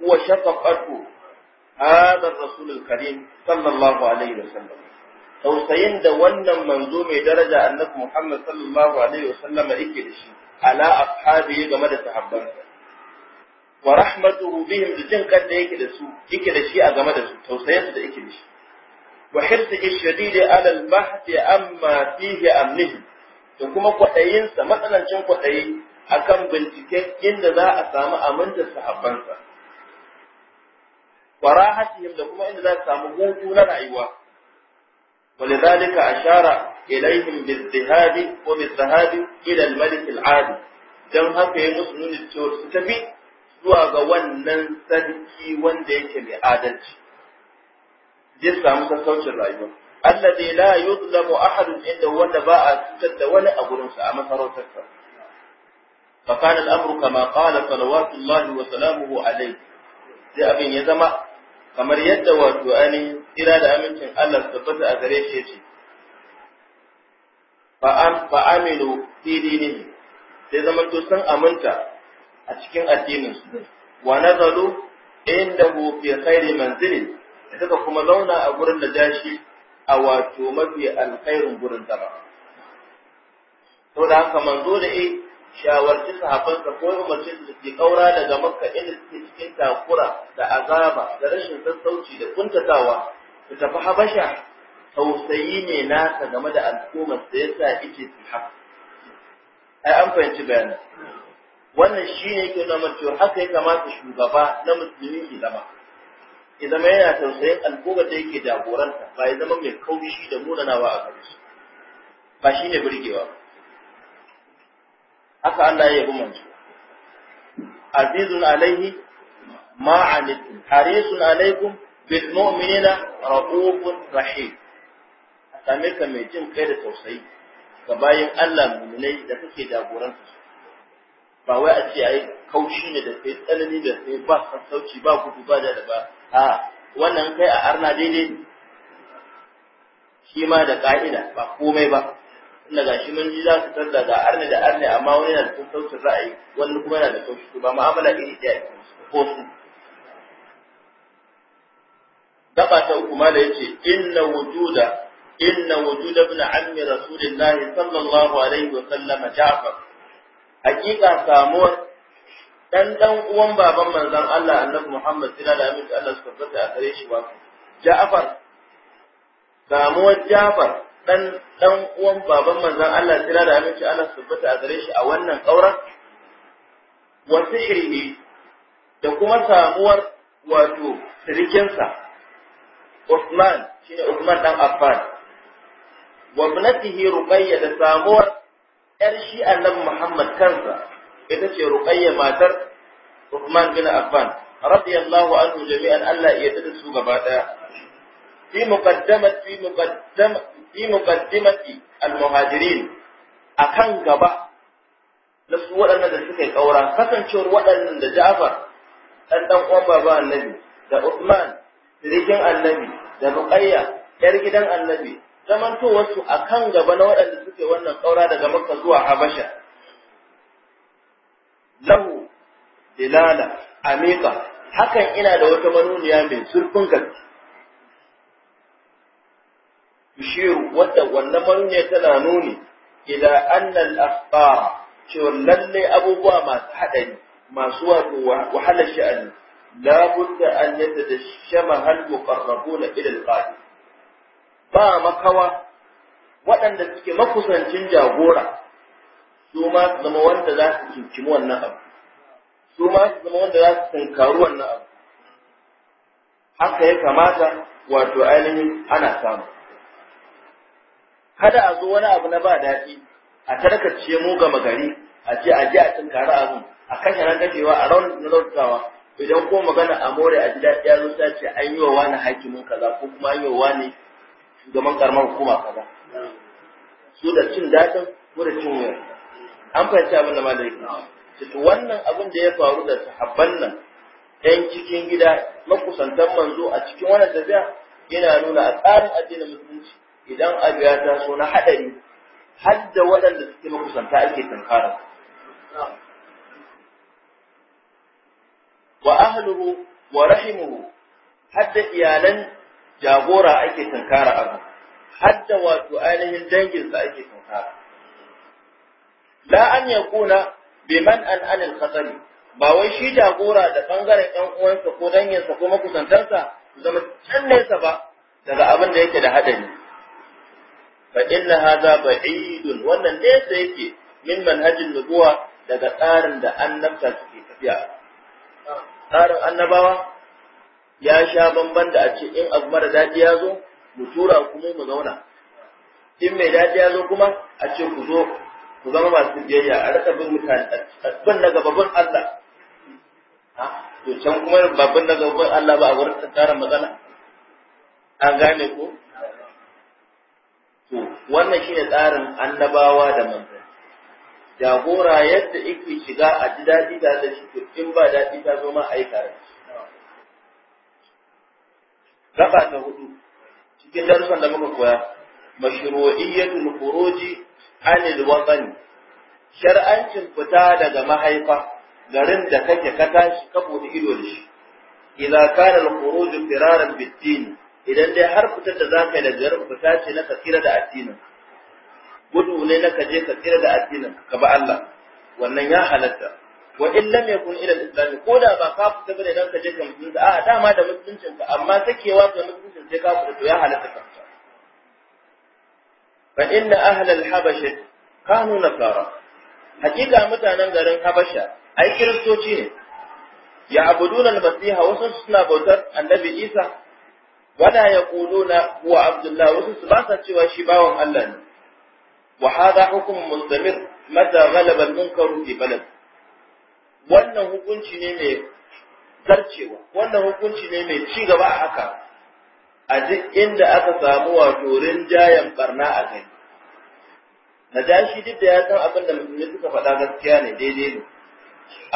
huwa shafaqatu hada rasulul karim sallallahu alaihi wasallam tausayin da wannan manzo mai daraja annabi Muhammad sallallahu alaihi wasallam yake da shi ala ashabi game da sahabban wa rahmatuhu bihim da jin yake da shi a da su tausayin da da shi amma da kuma kwadayin sa matsalancin akan binciken inda za a samu aminta sahabbansa warahatihim da kuma inda za a samu hutu na rayuwa ولذلك أشار إليهم بالذهاب وبالذهاب إلى الملك العادي don haka ya musu nuni cewa su tafi zuwa ga wannan sarki wanda yake mai adalci zai samu sassaucin rayuwa alladhi la yuzlamu ahadun inda wanda ba a cutar da wani a gurinsa a masarautarsa فكان الأمر كما قال صلوات الله وسلامه عليه sai abin ya zama kamar yadda wato ani kira da amincin Allah tabbata a gare shi ce. fa aminu fi dinihi sai zaman to san aminta a cikin addinin su wa nazalu indahu fi khairi manzili suka kuma zauna a gurin da dashi a wato mafi alkhairin gurin zama to da haka manzo da eh shawarci sahabbansa ko umarci su ke kaura daga makka inda suke cikin takura da azaba da rashin sassauci da kuntatawa su tafi habasha tausayi ne nasa game da al'ummar da yasa yake su haka ai an fahimci bayanin wannan shi ne ke zama haka ya kamata shugaba na musulmi ya zama ya zama yana tausayin al'ummar da yake jagoranta ba ya zama mai kaushi da munanawa a gare shi. ba shi ne burgewa ba haka Allah ya yi manzo azizun alaihi ma anitum harisun alaikum bil mu'minina raufun rahim same ka mai jin kai da tausayi ga bayan Allah mu'minai da kake su? ba wai a ce ai kaushi ne da sai tsanani da sai ba sassauci ba gudu ba da ba a wannan kai a arna daidai ne shi ma da ka'ida ba komai ba tunda gashi mun ji za su tarda ga arne da arne amma wani yana da sautin ra'ayi wani kuma yana da sautin ba mu'amala iri ɗaya ko su gaba ta uku mala yace inna wujuda inna wujuda ibn ammi rasulillah sallallahu alaihi wa sallam ja'far hakika samuwar dan dan uwan baban manzon Allah annabi Muhammad sallallahu alaihi wa sallam Allah subhanahu wa kare shi ba Ja'far samuwar Ja'far dan dan uwan baban manzon Allah tira da aminci Allah tabbata a gare shi a wannan kauran wa ne, da kuma samuwar wato sirikinsa Uthman shine Uthman dan Affan wa bnatihi Ruqayyah da samuwar yar shi annabi Muhammad kansa ita ce Ruqayyah matar Uthman bin Affan radiyallahu anhu jami'an Allah ya tada su gaba daya في مقدمة في مقدمة في مقدمة المهاجرين أكن جبا نسوا da دسكة أورا كسن شور وأنا دجافر أن أم بابا النبي da Uthman sirikin annabi da Ruqayya yar gidan annabi zamantowarsu a akan gaba na waɗanda suke wannan ƙaura daga Makka zuwa Habasha lahu dilala amika hakan ina da wata manuniya mai surfin gaske Bushe, wanda wannan manuniya tana nuni ila annal akhbar cewa lalle abubuwa masu haɗari, masu wato wahalar sha'ani la budda an yatadashama hal da ila al ba makawa waɗanda suke makusancin jagora su ma su zama wanda za su su ma su zama wanda za su tunkaru wannan abu haka ya kamata wato ainihin ana sama. kada a zo wani abu na ba daɗi a tarkace mu gama gari a ce a ji a kare abin a kashe ran kashewa a raunin na rautawa idan ko magana a more a ji daɗi ya zo ta ce an yi wa wani hakimin kaza ko kuma an yi wa wani shugaban karamar hukuma kaza su da cin daɗin ko da cin wuya an fahimci abin da ma da wannan abin da ya faru da sahabban nan ‘yan cikin gida makusantan manzo a cikin wannan tafiya yana nuna a tsarin addinin musulunci idan abu ya taso na haɗari har da waɗanda suke makusanta ake tunkara wa ahluhu wa rahimuhu har da iyalan jagora ake tunkara abu har da wato ainihin danginsa ake tunkara la an yakuna man an anil khatari ba wai shi jagora da bangaren ɗan uwansa ko danginsa ko makusantansa zama can nesa ba daga abin da yake da haɗari fa inna hadha ba'idun wannan ne sai yake min manhajin nubuwa daga tsarin da annabta suke tafiya tsarin annabawa ya sha bamban da a ce in abu mara daji ya zo mu tura ku mu zauna in mai daji ya zo kuma a ce ku zo ku zama masu biyayya a rika bin mutane ban na gababin Allah to can kuma babban na gababin Allah ba a wurin tsarin matsala an gane ku. wannan shi ne tsarin annabawa da manzanni jagora yadda yake shiga a ji daɗi da da shi in ba daɗi ta zo ma a tare gaba ta hudu cikin darussan da muka koya mashru'iyyatul khuruji anil watsani. shar'ancin fita daga mahaifa garin da kake katashi tashi ka bude ido da shi idza kana al-khuruj firaran idan dai har fitar da zaka yi da jarum fita ce na kasira da addinin gudu ne na kaje kasira da addinin ka ba Allah wannan ya halatta wa in lam yakun ila al-islam ko da ba ka fita bane dan kaje ka mutunta a dama da mutuncin ka amma sakewa ga mutuncin sai ka fita to ya halatta ka fa inna ahla al habash kanu nasara hakika mutanen garin habasha ai kiristoci ne ya abuduna al-masiha wasu suna bautar annabi isa wala yaquluna huwa abdullah wasu su ba sa cewa shi bawan Allah ne wa hadha hukm mustamir mata ghalaba al-munkar fi balad wannan hukunci ne mai zarcewa wannan hukunci ne mai ci gaba a haka a duk inda aka samu wato rinjayen barna a kai Na najashi duk da ya san abin da musulmi suka faɗa gaskiya ne daidai ne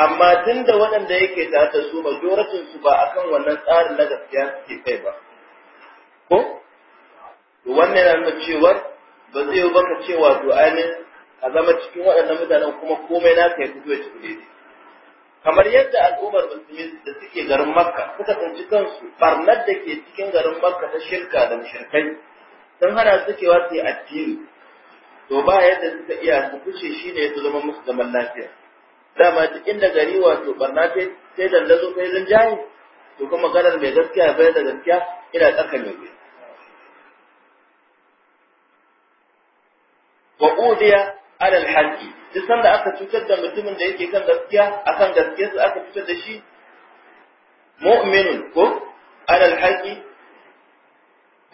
amma tun da waɗanda yake tata su majoratinsu ba akan wannan tsarin na gaskiya suke kai ba ko wannan yana nuna cewa ba zai yi baka cewa to a zama cikin waɗannan mutanen kuma komai na ka ya fito ya cikin daidai kamar yadda al'ummar musulmi da suke garin makka suka tsinci kansu barnar da ke cikin garin makka ta shirka da shirkai sun hana su kewa su yi addini to ba yadda suka iya su kushe shi ne su zama musu zaman lafiya dama duk inda gari wato barna ta sai dandazo ta yi rinjaye to kuma maganar mai gaskiya bai da gaskiya ina tsaka mai gaskiya wa udiya ala alhaqi duk sanda aka cutar da mutumin da yake kan gaskiya akan su aka cutar da shi mu'minun ko alal alhaqi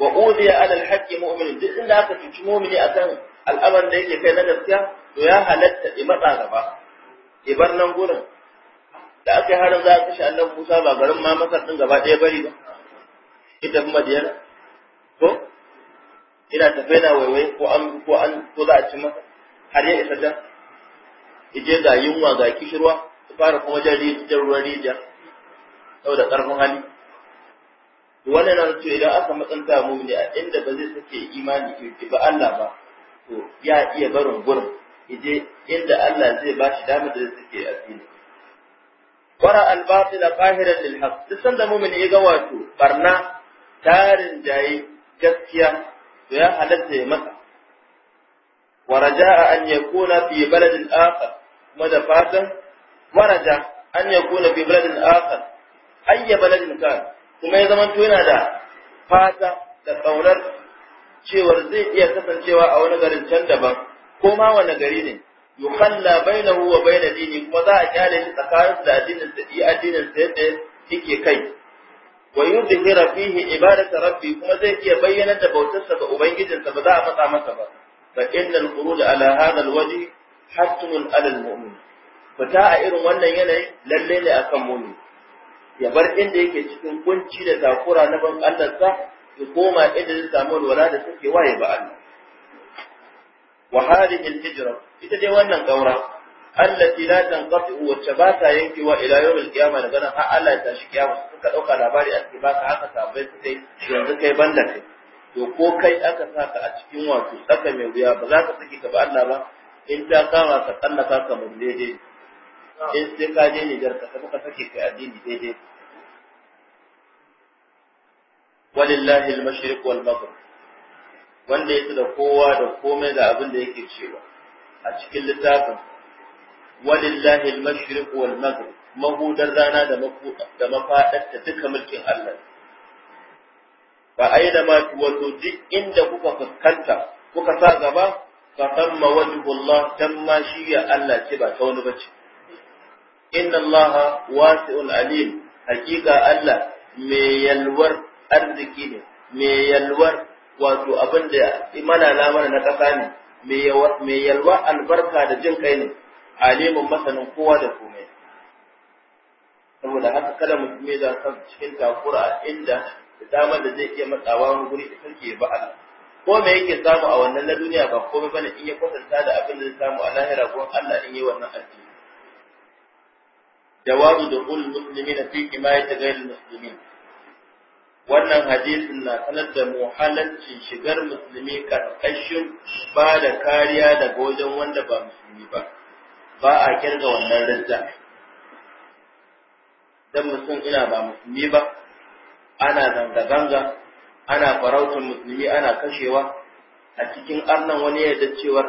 wa udiya ala alhaqi mu'minun duk inda aka cuci mu'mini akan al'amarin da yake kai na gaskiya to ya halatta i matsa gaba ya bar nan gurin da aka yi harin za a kashe annan musa ba garin ma masar ɗin gaba ɗaya bari ba ita kuma diyana ko ina tafai na waiwai ko an ko an ko za a ci masa har ya isa can ije ga yunwa ga kishirwa su fara kuma jan ruwan rijiya saboda ƙarfin hali wannan na ce idan aka matsanta mu ne a inda ba zai sake imani kirki ba Allah ba to ya iya barin gurin ije inda Allah zai ba shi damar da zai sake asiri wara al-batila qahiran lil haqq san da mu'min ya ga wato barna tarin jayi gaskiya to ya halatta ya masa ورجاء أن يكون في بلد آخر ماذا فاتا an أن يكون في بلد آخر أي بلد كان kuma ya zama yana da fata da tsaurar cewar zai iya kasancewa a wani garin can daban ko ma wani gari ne yukhalla bainahu wa bain dini kuma za a kyale shi tsakanin da addinin da yi addinin sa yadda yake kai wa yudhira fihi ibadatu rabbi kuma zai iya bayyana da bautar sa ga ubangijin sa ba za a matsa masa ba fa innal qurud ala hadha alwaji hatmun ala almu'min fita a irin wannan yanayin, lalle ne akan mu'min ya bar inda yake cikin kunci da takura na ban Allah ya koma inda zai samu da suke waye ba Allah wa hadhihi alhijra ita dai wannan kaura allati la tanqati wacce ba yanki yankewa ila yawmil qiyamah da gana har Allah ya tashi kiyama suka dauka labari a cikin baka haka sabai su kai yanzu kai banda kai to ko kai aka saka a cikin wato tsaka mai wuya ba za ka saki ka ba Allah ba in ta kama ka tsallaka ka mun daidai in sai ka je Nijar ka muka ka saki ka addini daidai walillahi al-mashriq wal maghrib wanda yake da kowa da komai da abin da yake cewa a cikin littafin walillahi al-mashriq wal maghrib mahudar rana da mafuda da mafadar ta duka mulkin Allah fa aina ma wato duk inda kuka fuskanta kuka sa gaba fa tamma wajhullah tamma shi ya Allah ce ba ta wani bace inna Allah wasi'ul alim hakika Allah mai yalwar arziki ne mai yalwar wato abin da na mana na ƙasa ne mai yalwa albarka da jin kai ne alimin masanin kowa da komai saboda haka kada musulmi da kan cikin takura inda da damar da zai iya matsawa wani guri da sarki ba Allah ko me yake samu a wannan na duniya ba komai bane in ya kwatanta da abin da zai samu a lahira ko Allah in yi wannan addini jawabu kullu muslimina fi himayati ghayr al wannan hadisin na sanar da mu shigar musulmi karkashin ba da kariya daga wajen wanda ba musulmi ba ba a kirga wannan rizza dan mutum ina ba musulmi ba ana zanga-zanga ana farautar musulmi ana kashewa a cikin arnan wani yadda cewar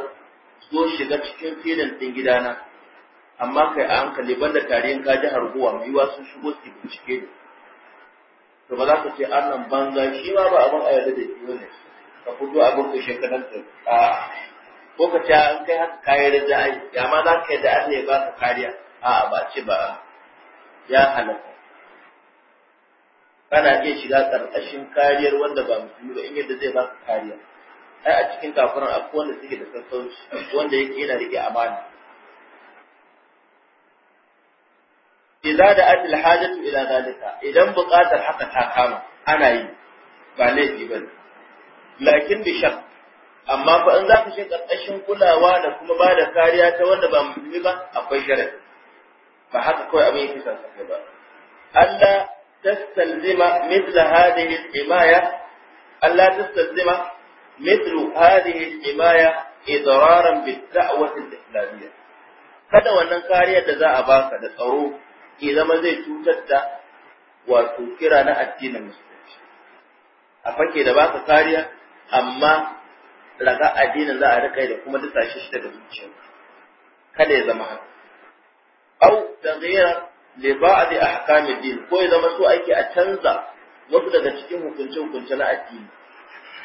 zo shiga cikin filin ɗin gidana amma kai a hankali banda tarihin kaji harguwa mai wasu sun shigo su bincike ne to ba za ka ce annan banza shi ma ba abin a da shi ne ka fito a burka shekarar ta a ko ka ce an kai haka kayan da ai ya ma za ka da Allah ya ba ka kariya a ba ce ba ya halatta kana iya shiga ƙarƙashin kariyar wanda ba musulmi ba in yadda zai ba ka kariya ai a cikin kafiran akwai wanda suke da sassauci wanda yake yana rike amana idza da atil hajatu ila zalika idan buƙatar haka ta kama ana yi ba laifi bane lakin bi shak amma fa in za zaka shi karkashin kulawa da kuma ba da kariya ta wanda ba musulmi ba akwai sharadi ba haka kawai abin yake san sai ba Allah tastalzima mithla hadhihi al-himaya Allah tastalzima mithlu hadhihi al-himaya idraran bid-da'wati al-islamiyya kada wannan kariya da za a baka da tsaro ke zama zai cutar da wato kira na addinin musulunci a fake da ba ka kariya amma raga addinin za a rika da kuma duka shi daga zuciya kada ya zama haka au taghyira li a da ahkamin din ko ya zama so ake a canza wasu daga cikin hukunce hukunce na addini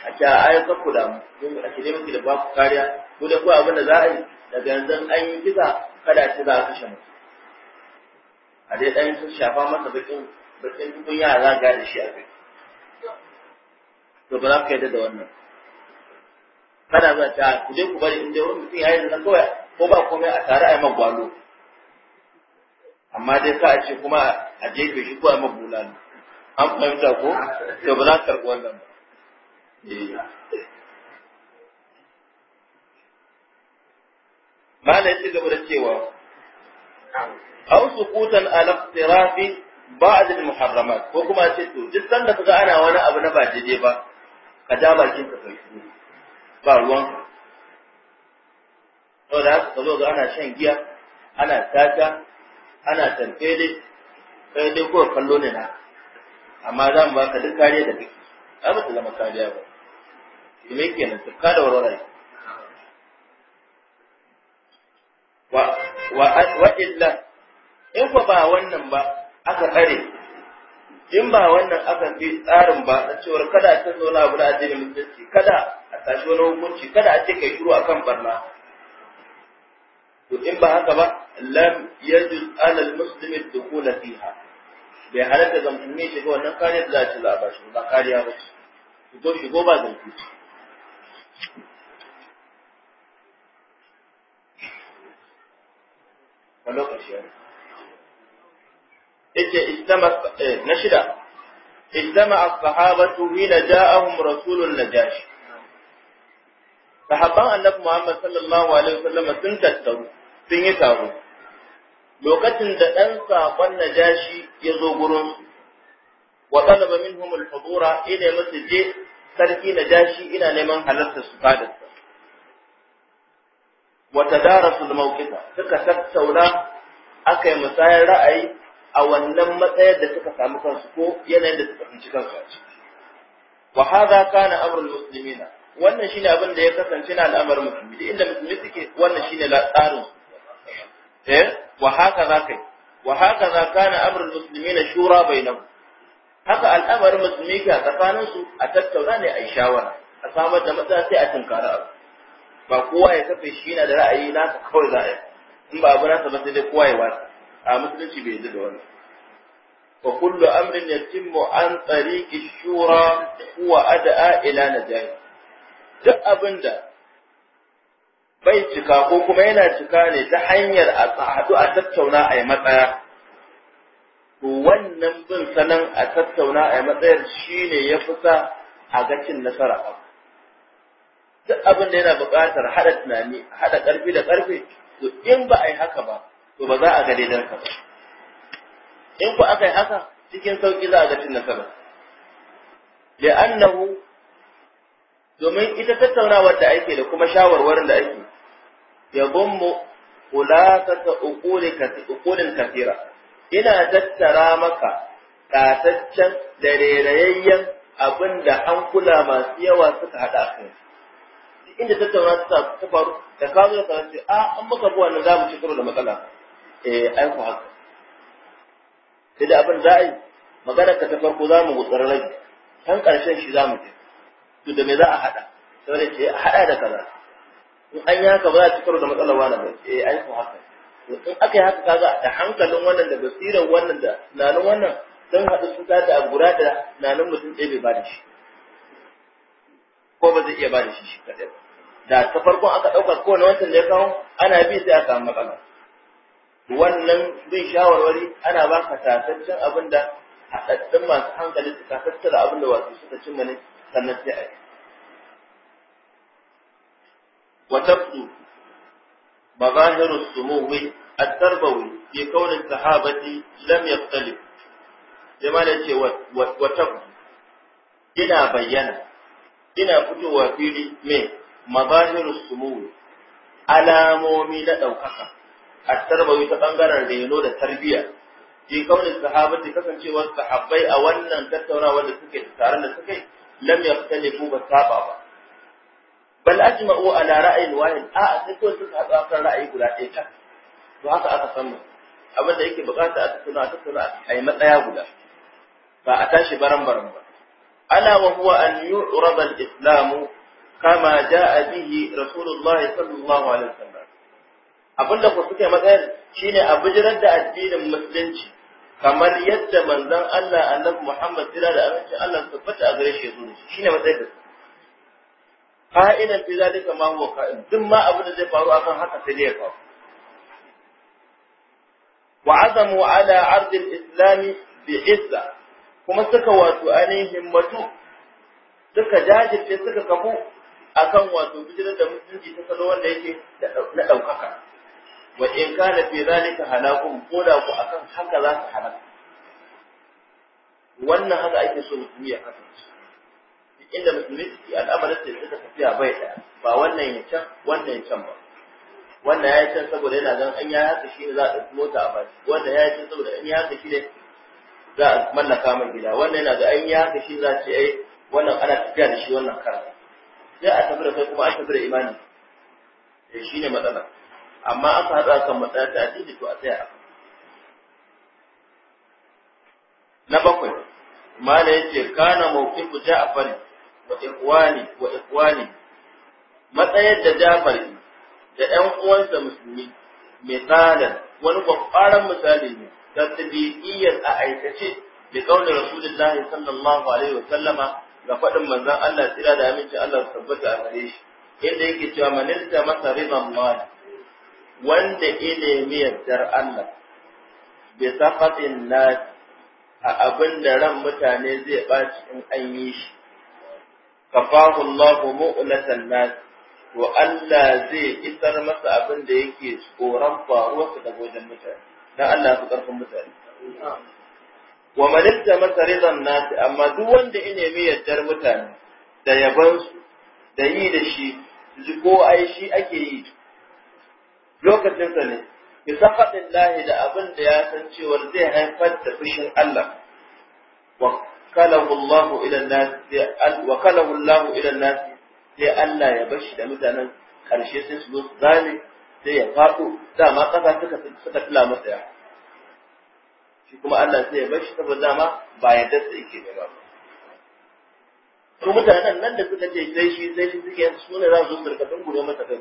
a ce a ayyuka ku da mu a ce miki da baku kariya ko da ko abin da za a yi daga yanzu an yi kisa kada a ci za a kashe mutum a dai ɗan shafa masa bakin bakin dubun yara ga da shi a kai to ba za ka yadda da wannan kada za ta ku je ku bari inda wani mutum ya yi zana kawai ko ba komai a tare a yi magwalo amma dai sa a ce kuma a jefe shi ko a yi ne an fahimta ko to ba za ka karɓi wannan ba eh. Mala ya ci gaba da cewa aw suqutan ala ba ba'd al muharramat ko kuma ce to duk sanda kaga ana wani abu na ba daidai ba ka ja bakin ka kai ba ruwan to da haka zo ga ana shan giya ana tata ana tantele kai dai ko kallo ne na amma za mu baka duk kariya da kake ba ta zama kariya ba me kenan tukka da warwara wa illa in ba ba wannan ba aka tsare in ba wannan aka bi tsarin ba a cewar kada a zo na guda na mutunci, kada a tashi wani hukunci kada a ce kai shiru akan barna to in ba haka ba lam yajuz ala almuslim da dukhul fiha bai halatta ga musulmi shiga wannan kariya da za a ci labashi, ba kariya ba ce shigo shigo ba zanci a lokaci ya yace eh, na shida ijtama as-sahabatu hina ja'ahum rasulun najashi sahabban annabi Muhammad sallallahu alaihi wasallam sun tattaru sun yi taro lokacin da dan sakon najashi ya zo gurin wa talaba minhum al-hudura ila masjid sarki najashi ina neman halarta su fadar wa tadarasul mawqita suka tattauna aka musayar ra'ayi a wannan matsayar da suka samu kansu ko yanayin da suka fice kansu a ciki wa hadha kana amrul muslimina wannan shine abin da ya kasance na al'amarin musulmi da inda musulmi suke wannan shine tsarin eh wa haka za kai wa haka za kana amrul muslimina shura bainahum haka al'amarin musulmi ke a tsakaninsu a tattauna ne a yi shawara a samar da matsaya sai a tunkara abu ba kowa ya kafe shi na da ra'ayi nasa kawai za a in ba abu nasa ba sai dai kowa ya wasa a musulunci bai yi da wani fa kullu amrin yatimmu an tariqi shura huwa ad'a ila najahi duk abinda bai cika ko kuma yana cika ne ta hanyar a tsahadu a tattauna a yi matsaya to wannan bin sanan a tattauna a yi matsayar shine ya fi sa a ga nasara abu duk abin da yana buƙatar haɗa tunani haɗa ƙarfi da ƙarfe to in ba a yi haka ba to ba za a ga daidan ka ba in ku aka yi haka cikin sauƙi za a ga cin nasara annahu, domin ita tattaunawar da ake da kuma shawarwarin da ake ya gummu kulasata uqulin kafira ina tattara maka ƙataccen da rerayayyen abin da an kula masu yawa suka haɗa kai inda tattauna ta ta faru da ka zo ka ce a ah, an maka buwa nan za mu ci karo da matsala eh ai ku haka sai da abin za a yi magana ka ta farko za mu gutsar rai kan karshen shi za mu je to da me za a hada sai da ce a hada da kaza in an yi haka ba za a ci karo da matsalar na ba eh ai ku haka in aka yi haka ga da hankalin wannan da basirar wannan da tunanin wannan don haɗu sun da abu guda da tunanin mutum ɗaya bai ba da shi ko ba zai iya ba da shi shi kaɗai ba da ta farko aka ko kowane wancan da ya kawo ana bi sai a samu matsala wannan bin shawarwari ana ba ka tasaccen abin da haɗaɗɗun masu hankali suka tattara abin da wasu suka cimma ne sannan sai a yi sumuwi at-tarbawi التربوي في sahabati lam yaqtali jama'a لما wa وتبدو Ina bayyana. Ina fitowa fili mai mabahirus sumul alamomi na ɗaukaka a tarbawi ta ɓangaren reno da tarbiyya fi kaunin sahabati kasancewar sahabbai a wannan tattaunawar da suke da taron da suke lam yaftalifu ba saba ba bal ajma'u ala ra'ayin wahid a sai ko suka haɗu akan ra'ayi guda ɗaya ta to haka aka san abin da yake bukata a tattauna a tattauna a yi matsaya guda ba a tashi baran baran ba ala wa huwa an yu'rab al-islamu kama a bihi rasulullahi sallallahu alaihi wasallam abinda ku suke matsayin shine a bijirar da addinin musulunci kamar yadda manzon Allah annabi Muhammad jira da aminci Allah su tabbata a gare shi zuwa shine matsayin fa'idan fi zalika ma huwa ka'in duk ma abin da zai faru akan haka sai ne ya faru wa azamu ala ard al-islam bi izza kuma suka wato ainihin himmatu suka jajirce suka kafu akan wato bijirar da mutunci ta salo wanda yake na ɗaukaka wa in kana fi zalika halakun ko ku akan haka za ka halaka wannan haka ake so mutumi ya kasance inda musulmi suke al'amarin da suka tafiya bai ɗaya ba wannan ya can wannan ya can ba wannan ya can saboda yana gan an ya haka shi ne za a ɗauki mota a baki wannan ya can saboda an ya haka shi ne za a mallaka mai gida wannan yana ga an ya haka shi za a ce ai wannan ana tafiya da shi wannan karatu sai a tafi da kai kuma a tafi da imani sai eh, shi ne matsala amma aka haɗa kan matsaya ta addini to a tsaya na bakwai mala yace kana mawqifu ja'far wa ikhwani wa ikhwani matsayar da ja'far da ɗan uwansa musulmi misalan wani kwakwaran misali ne ta tabi'iyyar a aikace da kaunar rasulullahi sallallahu alaihi wa sallama ga faɗin manzon Allah tsira da aminci Allah su tabbata a gare shi inda yake cewa manista masa riban mali wanda ilimi yardar Allah bi safatin nas a abin da ran mutane zai ɓaci in an yi shi kafahu Allahu mu'latan nas to Allah zai isar masa abin da yake tsoron faruwa daga wajen mutane dan Allah su karfin mutane wa masa rizan nasi amma duk wanda ya nemi yaddar mutane da su da yi da shi ji ko ai shi ake yi lokacinsa ne bi safaɗin lahi da abin da ya san cewar zai haifar da fushin Allah wa kalahu Allah ila nasi wa kalahu Allah ila nasi sai Allah ya bashi da mutanen karshe sai su zo ya faɗo dama ƙasa suka suka tula masa ya shi kuma Allah sai ya bar shi saboda dama ba yadda sai yake ne ba to mutanen nan da suka ce sai shi sai shi suke su ne za su surka gure masa kai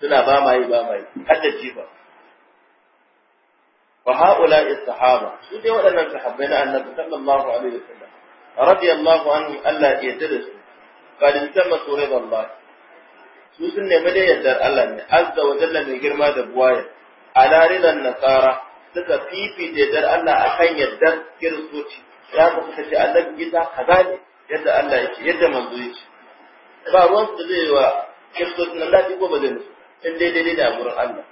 suna ba ma yi ba ma yi kada ji ba Wa haula sahaba su dai waɗannan sahabbai na annabi sallallahu alaihi wasallam radiyallahu anhu Allah ya yarda da su qad tamma surah Allah su sun nemi da yardar Allah ne azza wa jalla mai girma da buwaya ala ridan nasara suka fifita dar Allah a kan yardar kiristoci ya ku suka ce annabi Isa kaza ne yadda Allah yake yadda manzo yake ba ruwan su zai wa kiristoci nan lafi ko ba zai musu in dai dai da gurin Allah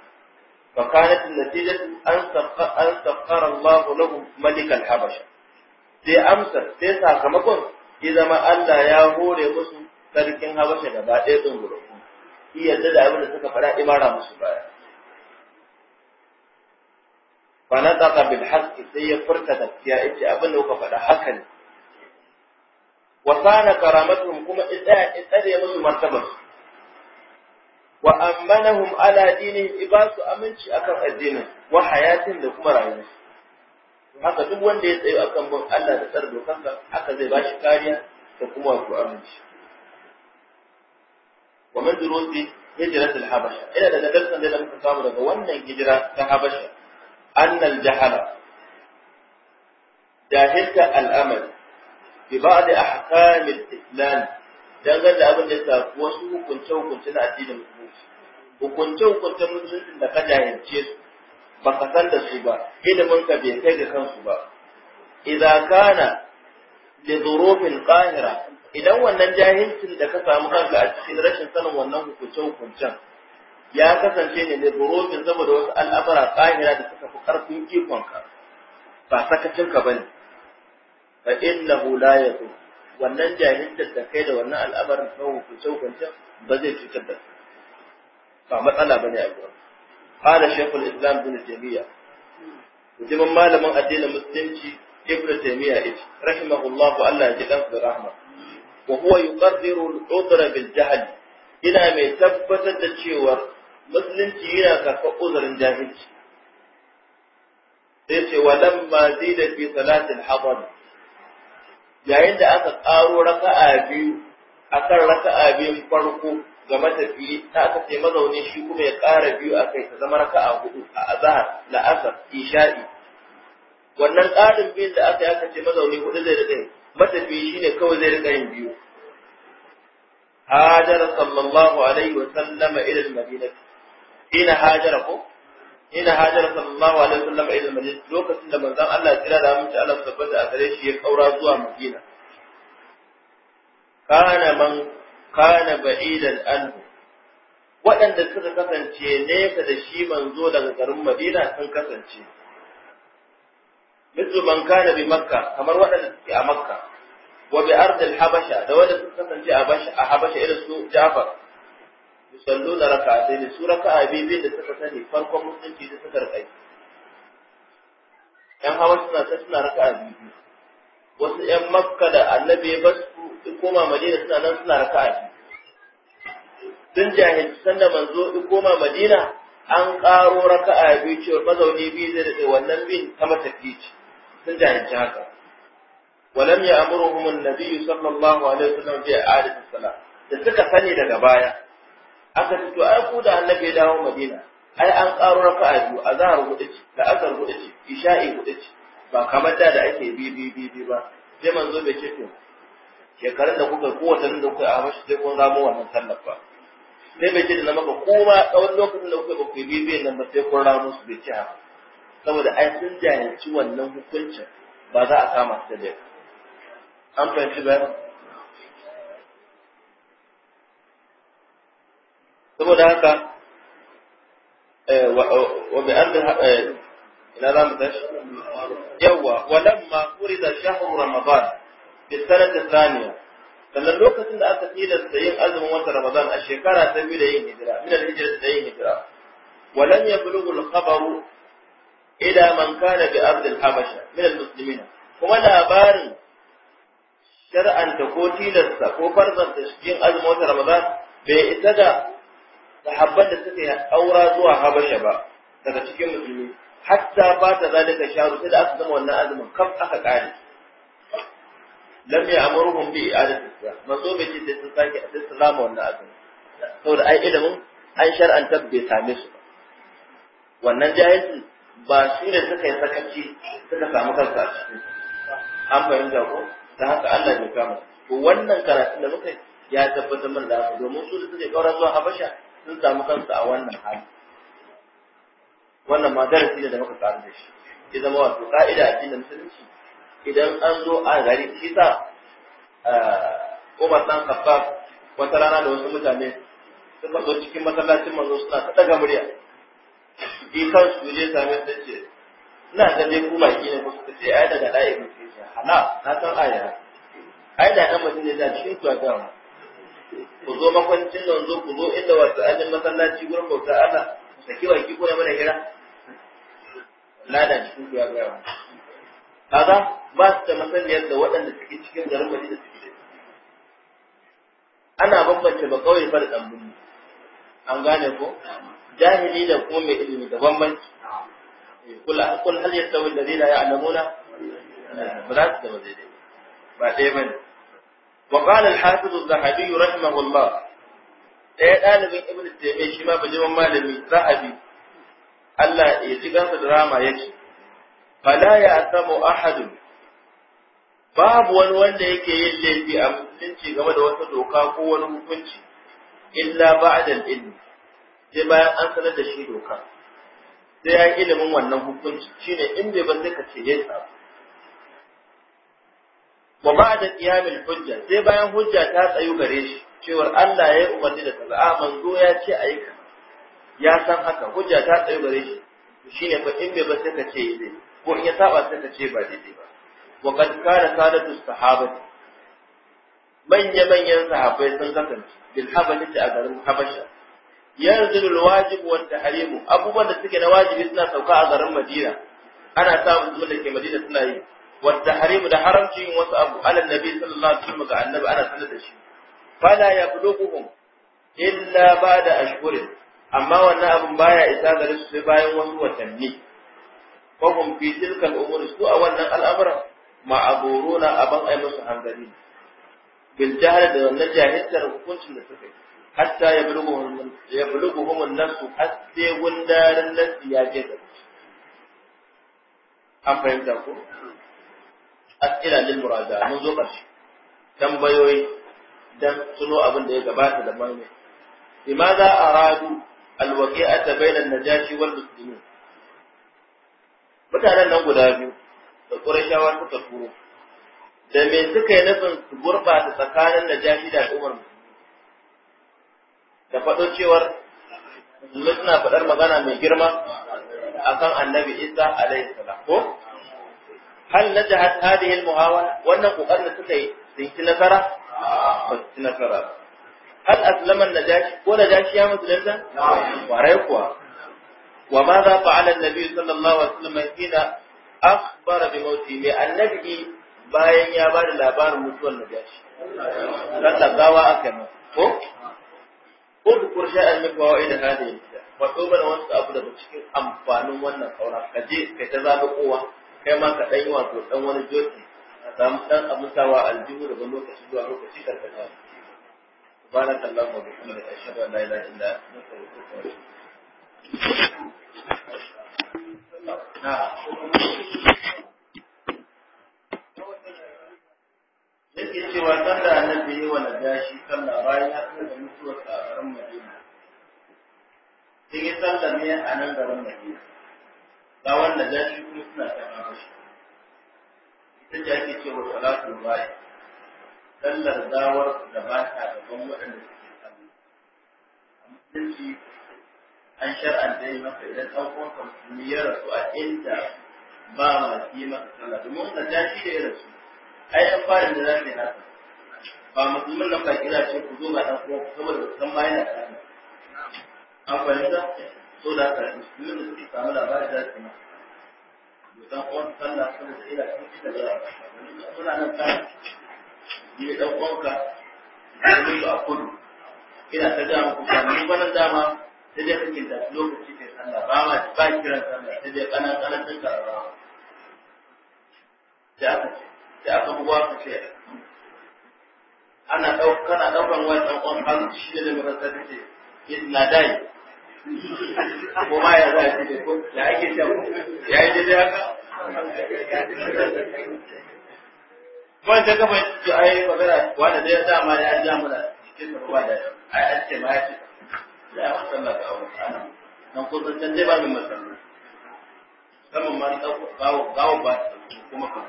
fa kanat natijatu an safa an safara Allah lahu malik al-habasha sai amsar sai sakamakon ya zama Allah ya hore musu sarkin habasha gaba ɗaya ɗin gurin iya da abin da suka faɗa imara musu baya fa nataqa bil haqqi sai ya furta gaskiya yace abin da kuka faɗa haka ne wa sana karamatuhum kuma itsaya itsare musu martabar wa amanahum ala ibasu aminci akan addinin wa hayatin da kuma haka duk wanda ya tsayo akan bin Allah da tsar dokanka haka zai bashi kariya da kuma ku aminci wa man durusi hijratul habasha ina da darsan da muka samu daga wannan hijira ta habasha annal jahala jahilta al'amal bi ba'd ahkam al-islam dangane da abin da ya shafi wasu hukunce hukunce na addinin musulunci hukunce hukunce musulunci da ka jahilce su ba ka san da su ba ilimin ka bai kai ga kansu ba idan kana li dhurufin Kahira? idan wannan jahilcin da ka samu kanka a cikin rashin sanin wannan hukunce hukuncen ya kasance ne da burokin saboda wasu al'amura ƙahira da suka fi ƙarfin ikonka ba sakacinka ba ne fa hula la zo. wannan jahilcin da kai da wannan al'amarin kan hukunce hukunce ba zai cutar da ba matsala ba ne a gurin qala shekul islam bin jamiya mutumin malamin addinin musulunci ibn taymiya yace rahimahullah Allah ya ji dan rahma wa huwa yuqaddiru al-udra bil jahl ina mai tabbatar da cewa musulunci yana karɓar uzurin jahilci sai ce wa ma zida fi salatil hadar yayin da aka ƙaro raka'a biyu akan raka'a biyun farko ga matafiyi ta aka ce mazaunin shi kuma ya ƙara biyu a kai ta zama raka'a hudu a la la'asar isha'i wannan ƙarin biyun da aka yi aka ce mazauni hudu zai dade, yi matafiyi shine kawai zai rika yin biyu هاجر صلى الله عليه وسلم إلى madinati ina hajara ko ina hajara sallallahu alaihi wasallam idan madina lokacin da manzon Allah ya kira da mun Allah tabbata a gare shi ya kaura zuwa madina kana man kana ba'idan an waɗanda suka kasance nesa da shi manzo daga garin Madina sun kasance. Mitsu man kana bi Makka kamar waɗanda suke a Makka, wa bi ardil Habasha da waɗanda suka kasance a Habasha irin su Jafar, raka, sai raka'atayn su a biyu da suka sani farkon musulunci da suka yi Ƴan hawa suna ta suna a biyu wasu yan makka da annabi ya basu in koma madina suna nan suna a biyu sun jahilci sanda manzo in koma madina an ƙaro raka'a biyu cewar mazauni biyu zai daɗe wannan bin ta matafi ce sun jahilci haka ولم يأمرهم النبي صلى الله عليه وسلم بإعادة الصلاة da suka sani daga baya aka ce ai ku da annabi ya dawo madina ai an karo a biyu zahar hudu ce da asar hudu ce isha'i hudu ce ba kamar da da ake bi bi bi bi ba sai manzo bai ce to shekarun da kuka ko watan da kuka a mashi sai kun zama wannan sallar ba sai bai ce da maka kuma tsawon lokacin da kuka ba ku bi bi nan ba sai kun ramo su bai ce haka saboda ai sun jahilci wannan hukuncin ba za a kama su da an fahimci ba saboda haka wa bi an ina za mu tashi yawa walamma urida shahru ramadan bi sanati thaniya sannan lokacin da aka tilasta yin azumin watan ramadan a shekara ta biyu da yin hijira min al-hijra da yin hijira ولن يبلغ الخبر إلى من كان بأرض الحبشة من المسلمين kuma labarin shar'anta ko tilasta ko farzanta cikin azumin wata Ramadan bai isa da sahabban da suka yi aura zuwa habasha ba daga cikin musulmi hatta ba ta zalika sharu sai da aka zama wannan azumin kaf aka kare lam ya amuruhum bi i'adati sa manzo bai ce sai sun sake sai su zama wannan azumin saboda ai ilimin an shar'anta bai same su ba wannan jahilci ba su ne suka yi sakaci suka samu kansa a cikin an fahimta ko ta haka Allah bai kama to wannan karatu da muka yi ya tabbatar mana da domin su da suke kaura zuwa Habasha sun samu kansu a wannan hali wannan ma darasi da muka karu da shi ya zama wato ka'ida a cikin musulunci idan an zo a gari shi sa Umar dan Khattab wata rana da wasu mutane sun matso cikin masallacin mazo suna ta daga murya bi kan su je same su ce ina ga dai ku baki ne ku suka ce ai daga da'i ku ce hala na san aya ai da dan mutum ne da cikin tuwa ga ku zo makwancin nan zo ku zo inda wasu alin masallaci gurin bauta Allah da kewa ki koya mana hira lada cikin ku ya gaya kaga ba su da masaniyar da waɗanda suke cikin garin Madina suke da ana bambance ba kawai fara dan bunni an gane ko jahili da kuma mai ilimi da bambanci kula kul hal yastawi alladhina ya'lamuna ba za su da ba daidai ba ɗaya bane وقال الحافظ الذهبي رحمه الله ɗaya ɗalibin ibn taymiyya shi ma bijiman malami zahabi Allah ya ji gansa da rama ce. fala ya asamu ahadun babu wani wanda yake yin laifi a musulunci game da wata doka ko wani hukunci illa ba'da al-ilm sai bayan an sanar da shi doka sai ya ilimin wannan hukunci shine in bai ban ka ce yayi sabu wa ba'da qiyamil hujja sai bayan hujja ta tsayu gare shi cewar Allah ya yi umarni da kaza ah, manzo ya ce ayi ka ya san haka hujja ta tsayu gare shi shine ba in bai ba sai ka ce zai ko in ya saba sai ka ce ba daidai ba wa qad kana sadatu sahabati manya manyan sahabbai sun kasance bil habashati a garin habasha yanzu wajibi wa tahrimu abubuwan da suke na wajibi suna sauka a garin madina ana samun mutum da ke madina suna yi والتحريم ده حرام حرمتي وصعب على النبي صلى الله عليه وسلم قال النبي أنا سنة شيء فلا يبلغهم إلا بعد أشهر أما وانا أبن بايا إساء غرس سبايا وهو تنمي فهم في تلك الأمور سوء وانا الأمر ما أبورون أبن أي مسحن بالجهل ده وانا جاهل كنت سنة حتى يبلغهم يبلغهم النفس حتى وندار الناس يا جدل أفهمت أقول as'ila lil muraja mun zo ƙarshe tambayoyi dan tuno abin da ya gabata da mai limaza aradu alwaqi'ata bainan najashi wal muslimin mutanen nan guda biyu da qurayshawa suka turo da me suka yi nufin su gurbata tsakanin najashi da al'ummar da faɗo cewar musulmai suna faɗar magana mai girma akan annabi isa alaihi salam ko hal najahat hadhihi al-muhawara wannan kokarin da suka yi sun ci nasara ba su ci nasara hal aslama najashi ko najashi ya musulunta warai kuwa wa ma za fa'ala an sallallahu alaihi wasallam hina akhbara bi mauti mai annabi bayan ya bada labarin mutuwar najashi sallan gawa aka yi ko udkur sha'an min fawaid wasu abu daga cikin amfanin wannan kauran ka je ta zaɓi kai ma ka ɗan yi wato ɗan wani joki a samu ɗan abin a aljihu daga lokaci zuwa lokaci karkata ba سبحانك اللهم وبحمدك أشهد أن لا ta إلا أنت أستغفرك yake cewa sallah na yi wa najashi sallah bayan ya tsaya da mutuwar a garin Madina. Sai ya sallah ne a nan garin Madina. tsawon da zafi kuma suna taɓa mashi ita ce ake ce wa salatu bayi sallar gawar da ba ta gaban waɗanda suke kallo a musulunci an shar'anta yi maka idan an uwanka musulmi ya rasu a inda ba ma yi maka sallah domin ta tashi da ya rasu ai an fara da za ta yi haka ba musulmin nan ba kira ce ku zo ba ɗan uwanku saboda san ba. bayan da an fahimta so da haka musulmi da suke samu labari da su yi dan uwan sallah sun da ila sun da gara suna nan ta yi dan uwanka da yi a kudu ina ta ga muku ba ni wannan dama sai dai kake da lokaci kai sallah ba ma ba kiran sallah sai dai kana kana ta karaba da aka da aka buwa ka ce ana daukar ana daukan wannan uwan har shi da makaranta take na dai ko ma ya za shi ko ya ake can ya yi daidai haka kawai ta gaba ji a magana wanda zai ma ya ja mana cikin da ruwa da ai an ce ma ya ce za a sallah ga abu ana nan ko san can zai ba min masallu musamman ma gawo gawo ba kuma kan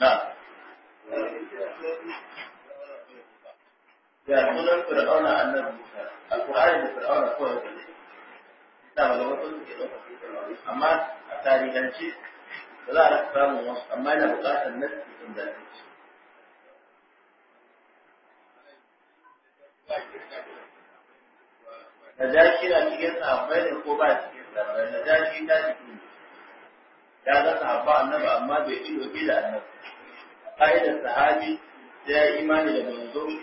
na ga sunan fir'auna annabi Musa alqur'ani da fir'auna ko da da ba ga wasu ke da amma a tarihance ba za a samu wasu amma yana buƙatar nasi inda ne Najashi na cikin sahabbai ne ko ba cikin sahabbai Najashi na cikin ya ga sahabba annabi amma bai ido bi da annabi ƙa'idar sahabi sai ya yi imani da manzo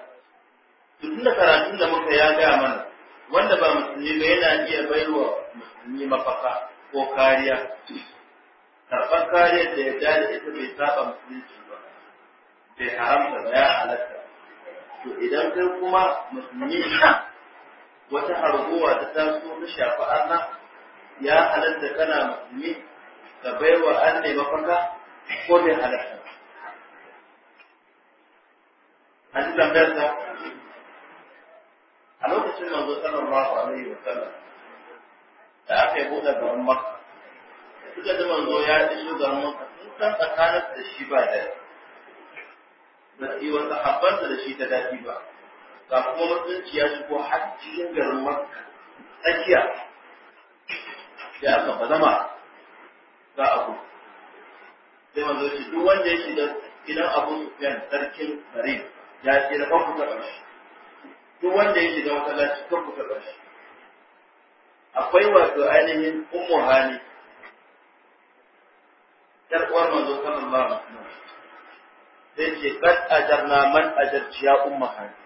to tunda karatun da muka ya ga mana wanda ba musulmi ba yana iya baiwa musulmi mafaka ko kariya karɓar kariyar da ya dace ita bai saba musulunci ba bai haramta ba ya halatta to idan kai kuma musulmi wata harguwa ta taso ta shafi Allah ya halatta kana musulmi ka baiwa Allah mafaka ko bai halatta a cikin ta. a lokacin manzo sallallahu alaihi wa sallam da aka yi buɗe garin makka suka ji manzo ya iso garin maka, sun san tsakanin da shi ba da ba su yi wasu habbansa da shi ta daɗi ba ga kuma mutunci ya shigo har cikin garin maka. tsakiya ya aka bazama ga abu sai manzo shi duk wanda ya shiga gidan abun yan sarkin gari ya tsira ba ta ƙarshe. duk wanda ya shiga masallaci kan kuka taɓa shi akwai wato ainihin ummu hali. yar uwar manzo sallallahu alaihi wasallam sai ce kad ajarna man ajarci ya ummu hali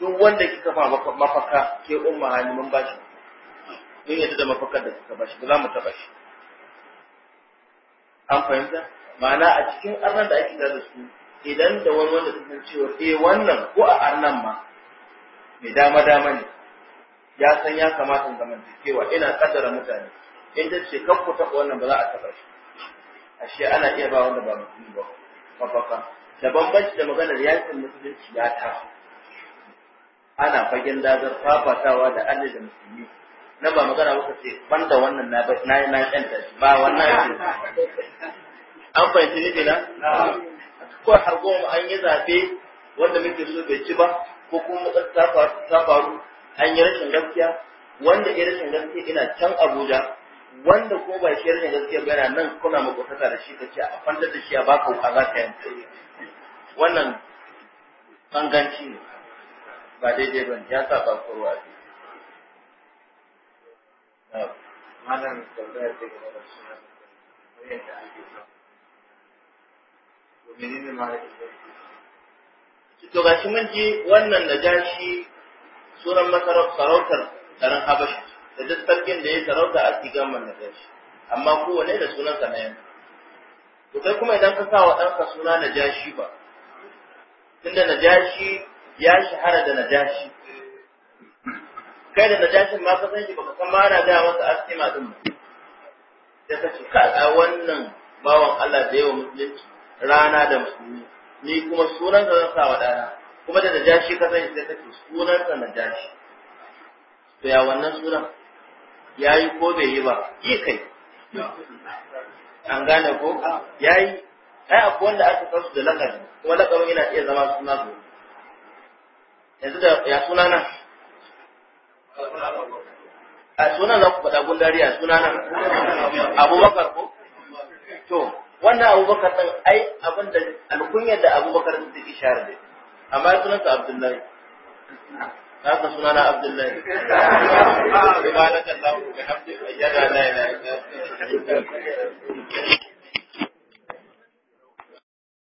duk wanda kika fa mafaka ke ummu hali mun shi mun yadda da mafakar da kika bashi shi za mu taɓa shi an fahimta ma'ana a cikin arnan da ake da su idan da wani wanda ta san cewa eh wannan ko a arnan ma mai dama dama ne ya san ya kamata zamantakewa ina kaddara mutane in ta ce kan ku taɓa wannan ba za a taɓa shi ashe ana iya ba wanda ba mutum ba mafaka da bambanci da maganar yakin musulunci ya ta ana fagen dazar fafatawa da alli da musulmi na ba magana muka ce banda wannan na na na yanta shi ba wannan ce an fahimci ne na ko har goma an yi zabe wanda muke so bai ci ba ko kuma matsar ta faru hanyar yi rashin gaskiya wanda ya rashin gaskiya ina can abuja wanda ko ba shi rashin gaskiya ba yana nan kuna makwatata da shi ka ce a fallar da shi a baka wuka za ka yanke wannan ganganci ne ba daidai ba ya saba kurwa ne sa. ne to ga shi mun ji wannan najashi suran masarar sarautar garin habashi da duk sarkin da ya sarauta a cikin man najashi amma kowane da sunansa na yanka to kai kuma idan ka sa wa ɗanka suna najashi ba tunda najashi ya shahara da najashi kai da najashin ma ka san shi baka san ma ana gaya masa ma din ba da ka ce ka ga wannan bawan Allah da yawa musulunci rana da musulunci. ni kuma sunan ka zan sawa dana kuma da najashi ka sani sai kace sunan ka najashi to ya wannan sunan yayi ko bai yi ba yi kai an gane ko yayi ai akwai wanda aka san su da lakabi kuma lakabin yana iya zama suna su yanzu da ya suna nan a sunan za ku faɗa gundari a suna nan abubakar ko to wannan abubakar ɗin ai abinda, da alkunyar da abubakar ɗin take share da amma ya sunansa abdullahi haka sunana abdullahi ba na kan lamu da hamdu ayyada la ilaha illa